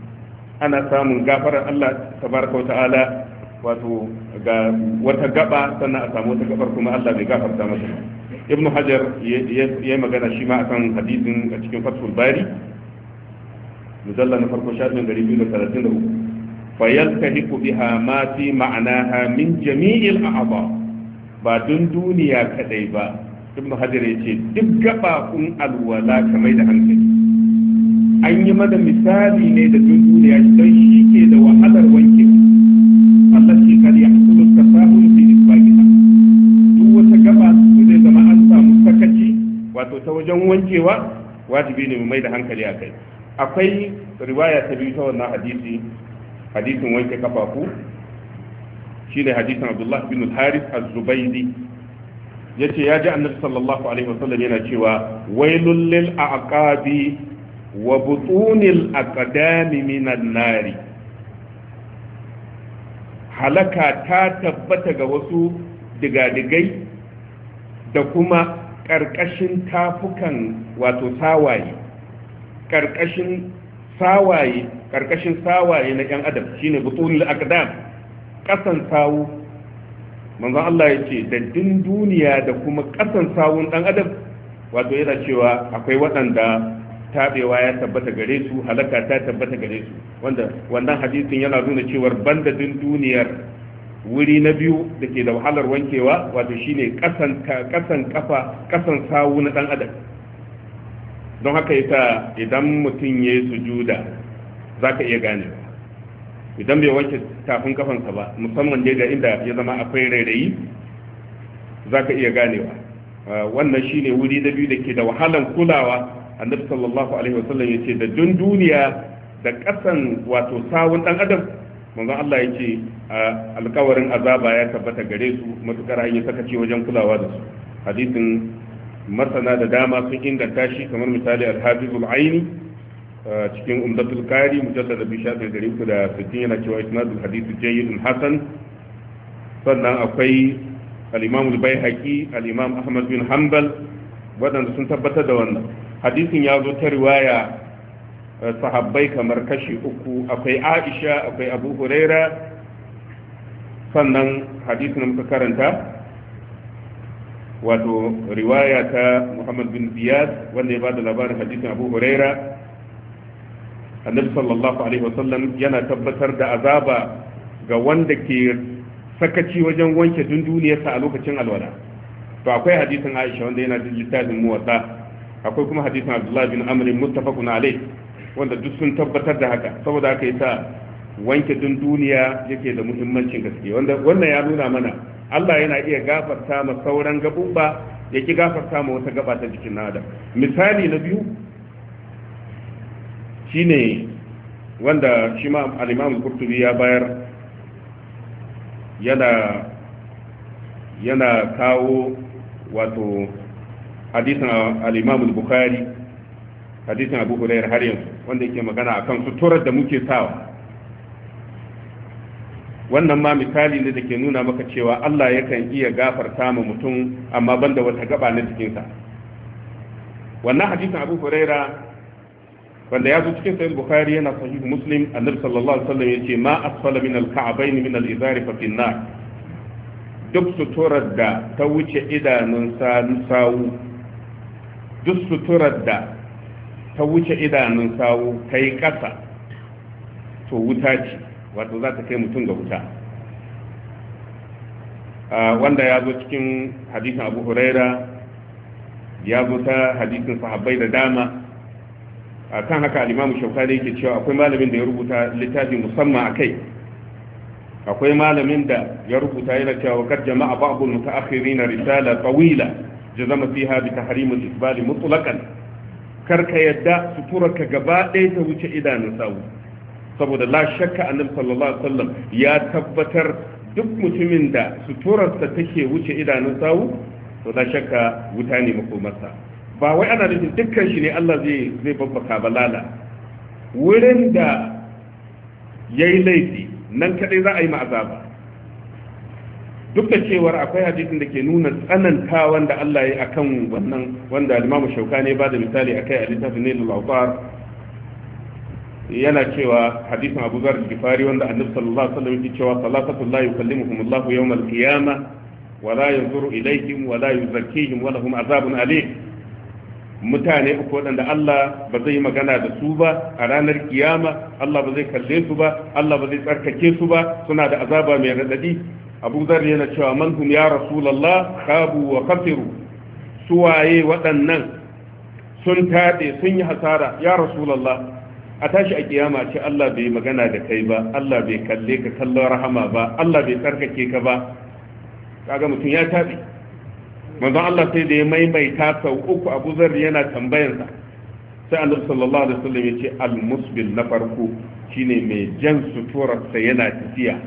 ana samun gafaran Allah tabaraka wa ta'ala wato ga wata gaba sannan a samu wata gabar kuma Allah bai gafarta masa ba ibnu hajar ya magana shi ma akan hadisin a cikin fathul bari mujalla na farko shafin gari biyu da talatin da uku fayyaltahiku biha ma fi ma'anaha min jami'il a'aba ba dun duniya kadai ba ibn hajar yace duk gabakun alwala kamar da hankali an yi mada misali ne da dun duniya don shi ke da wahalar wanke Allah shi kar ya kudu ka samu fi isbaqita duk wata gaba zai zama an samu sakaci wato ta wajen wankewa wajibi ne mu mai da hankali a kai akwai riwaya ta biyu ta wannan hadisi hadisin wanke kafafu shi ne hadisin abdullahi bin haris az-zubaidi ya ce ya ji annabi sallallahu alaihi wasallam yana cewa wailul lil aqabi wa butunil aqdami minan nari halaka ta tabbata ga wasu digadigai da kuma ƙarƙashin tafukan wato sawaye karkashin sawaye karkashin sawaye na yan adam shine butulul aqdam kasan sawu manzo Allah ya da din duniya da kuma kasan sawun ɗan adam wato yana cewa akwai waɗanda tabewa ya tabbata gare su halaka ta tabbata gare su wanda wannan hadisin yana nuna cewa banda din duniyar wuri na biyu da ke da wahalar wankewa wato shine kasan kasan kafa kasan sawu na ɗan adam don haka yasa idan mutum ya yi sujuda za ka iya gane idan bai wanke tafin kafansa ba musamman ne ga inda ya zama akwai rairayi za ka iya ganewa ah, wannan shi ne wuri na biyu da ke da wahalan kulawa annabi sallallahu alaihi wasallam ya ce da dun duniya da ƙasan wato sawun ɗan adam manzon Allah ya ce ah, alkawarin azaba ya tabbata gare su matukar an yi sakaci wajen kulawa da su hadisin masana da dama sun inganta shi kamar misali alhafizul aini cikin umdatul kari mujallar da bisha da gari ku da sittin yana cewa isnadul hadisu jayyidun hasan sannan akwai al bai al alimam al ahmad bin hanbal waɗanda sun tabbatar da wannan hadisin ya zo ta riwaya sahabbai kamar kashi uku akwai aisha akwai abu huraira sannan hadisin muka karanta wato riwaya ta muhammad bin ziyad wanda ya ba da labarin hadisin abu huraira annabi sallallahu alaihi wasallam yana tabbatar da azaba ga wanda ke sakaci wajen wanke dunduniyarsa a lokacin alwala to akwai hadisin aisha wanda yana littafin muwatta akwai kuma hadisin abdullahi bin amr muttafaqun alaihi wanda duk sun tabbatar da haka saboda haka yasa wanke dunduniya yake da muhimmancin gaske wanda wannan ya nuna mana Allah yana iya gafarta ma sauran ba, ya ki gafarta ma wata gaba ta jikin nada misali na biyu shine wanda shi ma al-Imam Qurtubi ya bayar yana yana kawo wato hadisin al-Imam Bukhari hadisin Abu Hurairah har yanzu wanda yake magana akan suturar da muke sawa wannan ma misali ne da ke nuna maka cewa Allah yakan iya gafarta ma mutum amma banda wata gaba na jikinsa wannan hadisin abu huraira wanda ya zo cikin sahih bukhari yana sahih muslim annabi sallallahu alaihi wasallam yace ma asfala min al-ka'bayn min al-izari fa fi nar duk suturar da ta wuce idanun sawu duk suturar da ta wuce idanun sawu kai kasa to wuta ce wato za ta kai mutum ga wuta wanda ya zo cikin hadisin abu huraira ya zo ta hadisin sahabbai da dama a kan haka alimamu shaukari yake cewa akwai malamin da ya rubuta littafi musamman a kai akwai malamin da ya rubuta yana cewa wakar jama'a akhiri na risala tsawila jazama zama fi tahrim al harimun isbali kar ka yadda suturarka gaba ɗaya ta wuce idanun sawu saboda la shakka annabi sallallahu alaihi wasallam ya tabbatar duk mutumin da suturarsa take wuce idanun sawu to la shakka wuta ne makomarsa ba wai ana nufin dukkan shi ne Allah zai zai babbaka balala wurin da yayi laifi nan kadai za a yi ma'azaba duk da cewar akwai hadisin da ke nuna tsananta wanda Allah ya akan wannan wanda Imam Shauka ne ba da misali akai a littafin Nailul Awtar yana cewa hadisin Abu Zar al-Ghifari wanda Annabi sallallahu alaihi wasallam yake cewa salatu la yukallimuhum Allahu yawm al-qiyamah wa la yanzuru ilayhim wa la yuzakkihim wa lahum azabun alim mutane uku wadanda Allah ba zai magana da su ba a ranar kiyama Allah ba zai kalle su ba Allah ba zai tsarkake su ba suna da azaba mai radadi Abu Zar yana cewa man hum ya Rasulullah kabu wa khasiru suwaye waɗannan sun taɗe sun yi hasara ya Rasulullah a tashi a kiyama ce Allah bai magana da kai ba Allah bai kalle ka kallon rahama ba Allah bai tsarkake ka ba kaga mutum ya tabi manzon Allah sai da ya maimaita sau uku Abu Zar yana tambayarsa. sai Annabi sallallahu alaihi wasallam ya ce al-musbil na farko shine mai jan suturarsa yana tafiya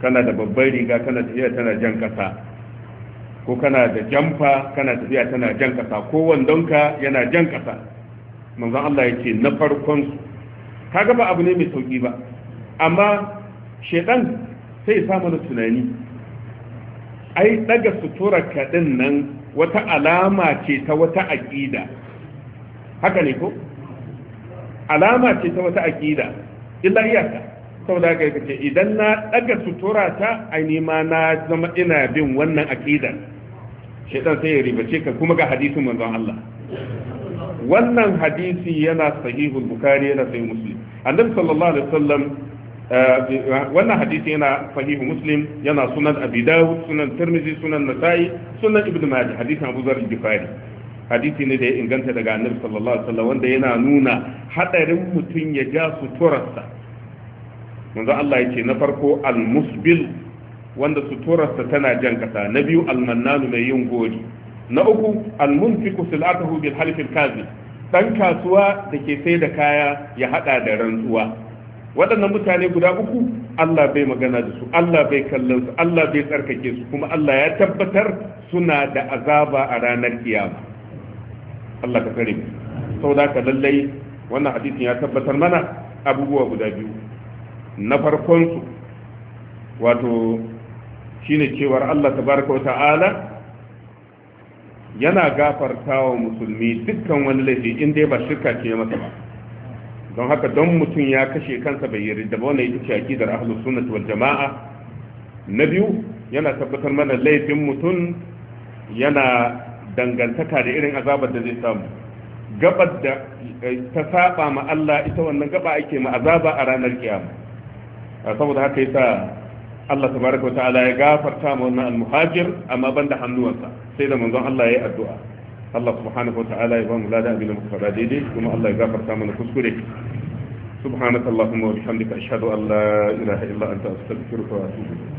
kana da babbar riga kana tafiya tana jan kasa ko kana da jamfa kana tafiya tana jan kasa ko wandonka yana jan kasa manzon Allah ya ce na farkon su kaga ba abu ne mai sauki ba amma shedan sai sa mana tunani ai daga sutura kadin nan wata alama ce ta wata aqida haka ne ko alama ce ta wata aqida illa iyaka saboda haka kace idan na daga sutura ta ai ma na zama ina bin wannan aqidan shedan sai ya ribace ka kuma ga hadisin manzon Allah wannan hadisi yana sahihul bukhari yana sahih muslim annabi sallallahu alaihi wasallam eh, wannan hadisi yana sahihu muslim yana sunan abi dawud sunan tirmidhi sunan nasa'i sunan ibn majah hadisin abu zar al bukhari hadisi ne da ya inganta daga annabi sallallahu alaihi wasallam wanda yana nuna hadarin mutum ya ja suturarsa manzo Allah yake na farko al-musbil wanda suturarsa tana jan kasa na biyu al-mannanu mai yin gori na uku almunfiku silatahu bil halifil kazi dan kasuwa da ke sai da kaya ya hada da rantsuwa waɗannan mutane guda uku Allah bai magana da su Allah bai kallon su Allah bai tsarkake su kuma Allah ya tabbatar suna da azaba a ranar kiyama Allah ka kare da ka lallai wannan hadisin ya tabbatar mana abubuwa guda biyu na farkon su wato shine cewar Allah tabaraka wa ta'ala yana gafarta wa musulmi dukkan wani laifi in dai ba shirka ce masa ba don haka don mutum ya kashe kansa bai yi da wani ita ce aqidar ahlus suna wal jamaa na biyu yana tabbatar mana laifin mutum yana dangantaka da irin azabar da zai samu gabar da eh, ta saba ma Allah ita wannan gaba ake ma azaba a ranar kiyama saboda haka yasa Allah tabaraka wa ta'ala ya gafarta ma wannan almuhajir amma banda hannuwansa sai da manzon Allah ya yi addu'a Allah subhanahu wa ya ba mu lada abin da muka faɗa daidai kuma Allah ya gafarta mana kuskure subhanakallahumma wa bihamdika ashhadu an la ilaha illa anta astaghfiruka wa atubu ilayk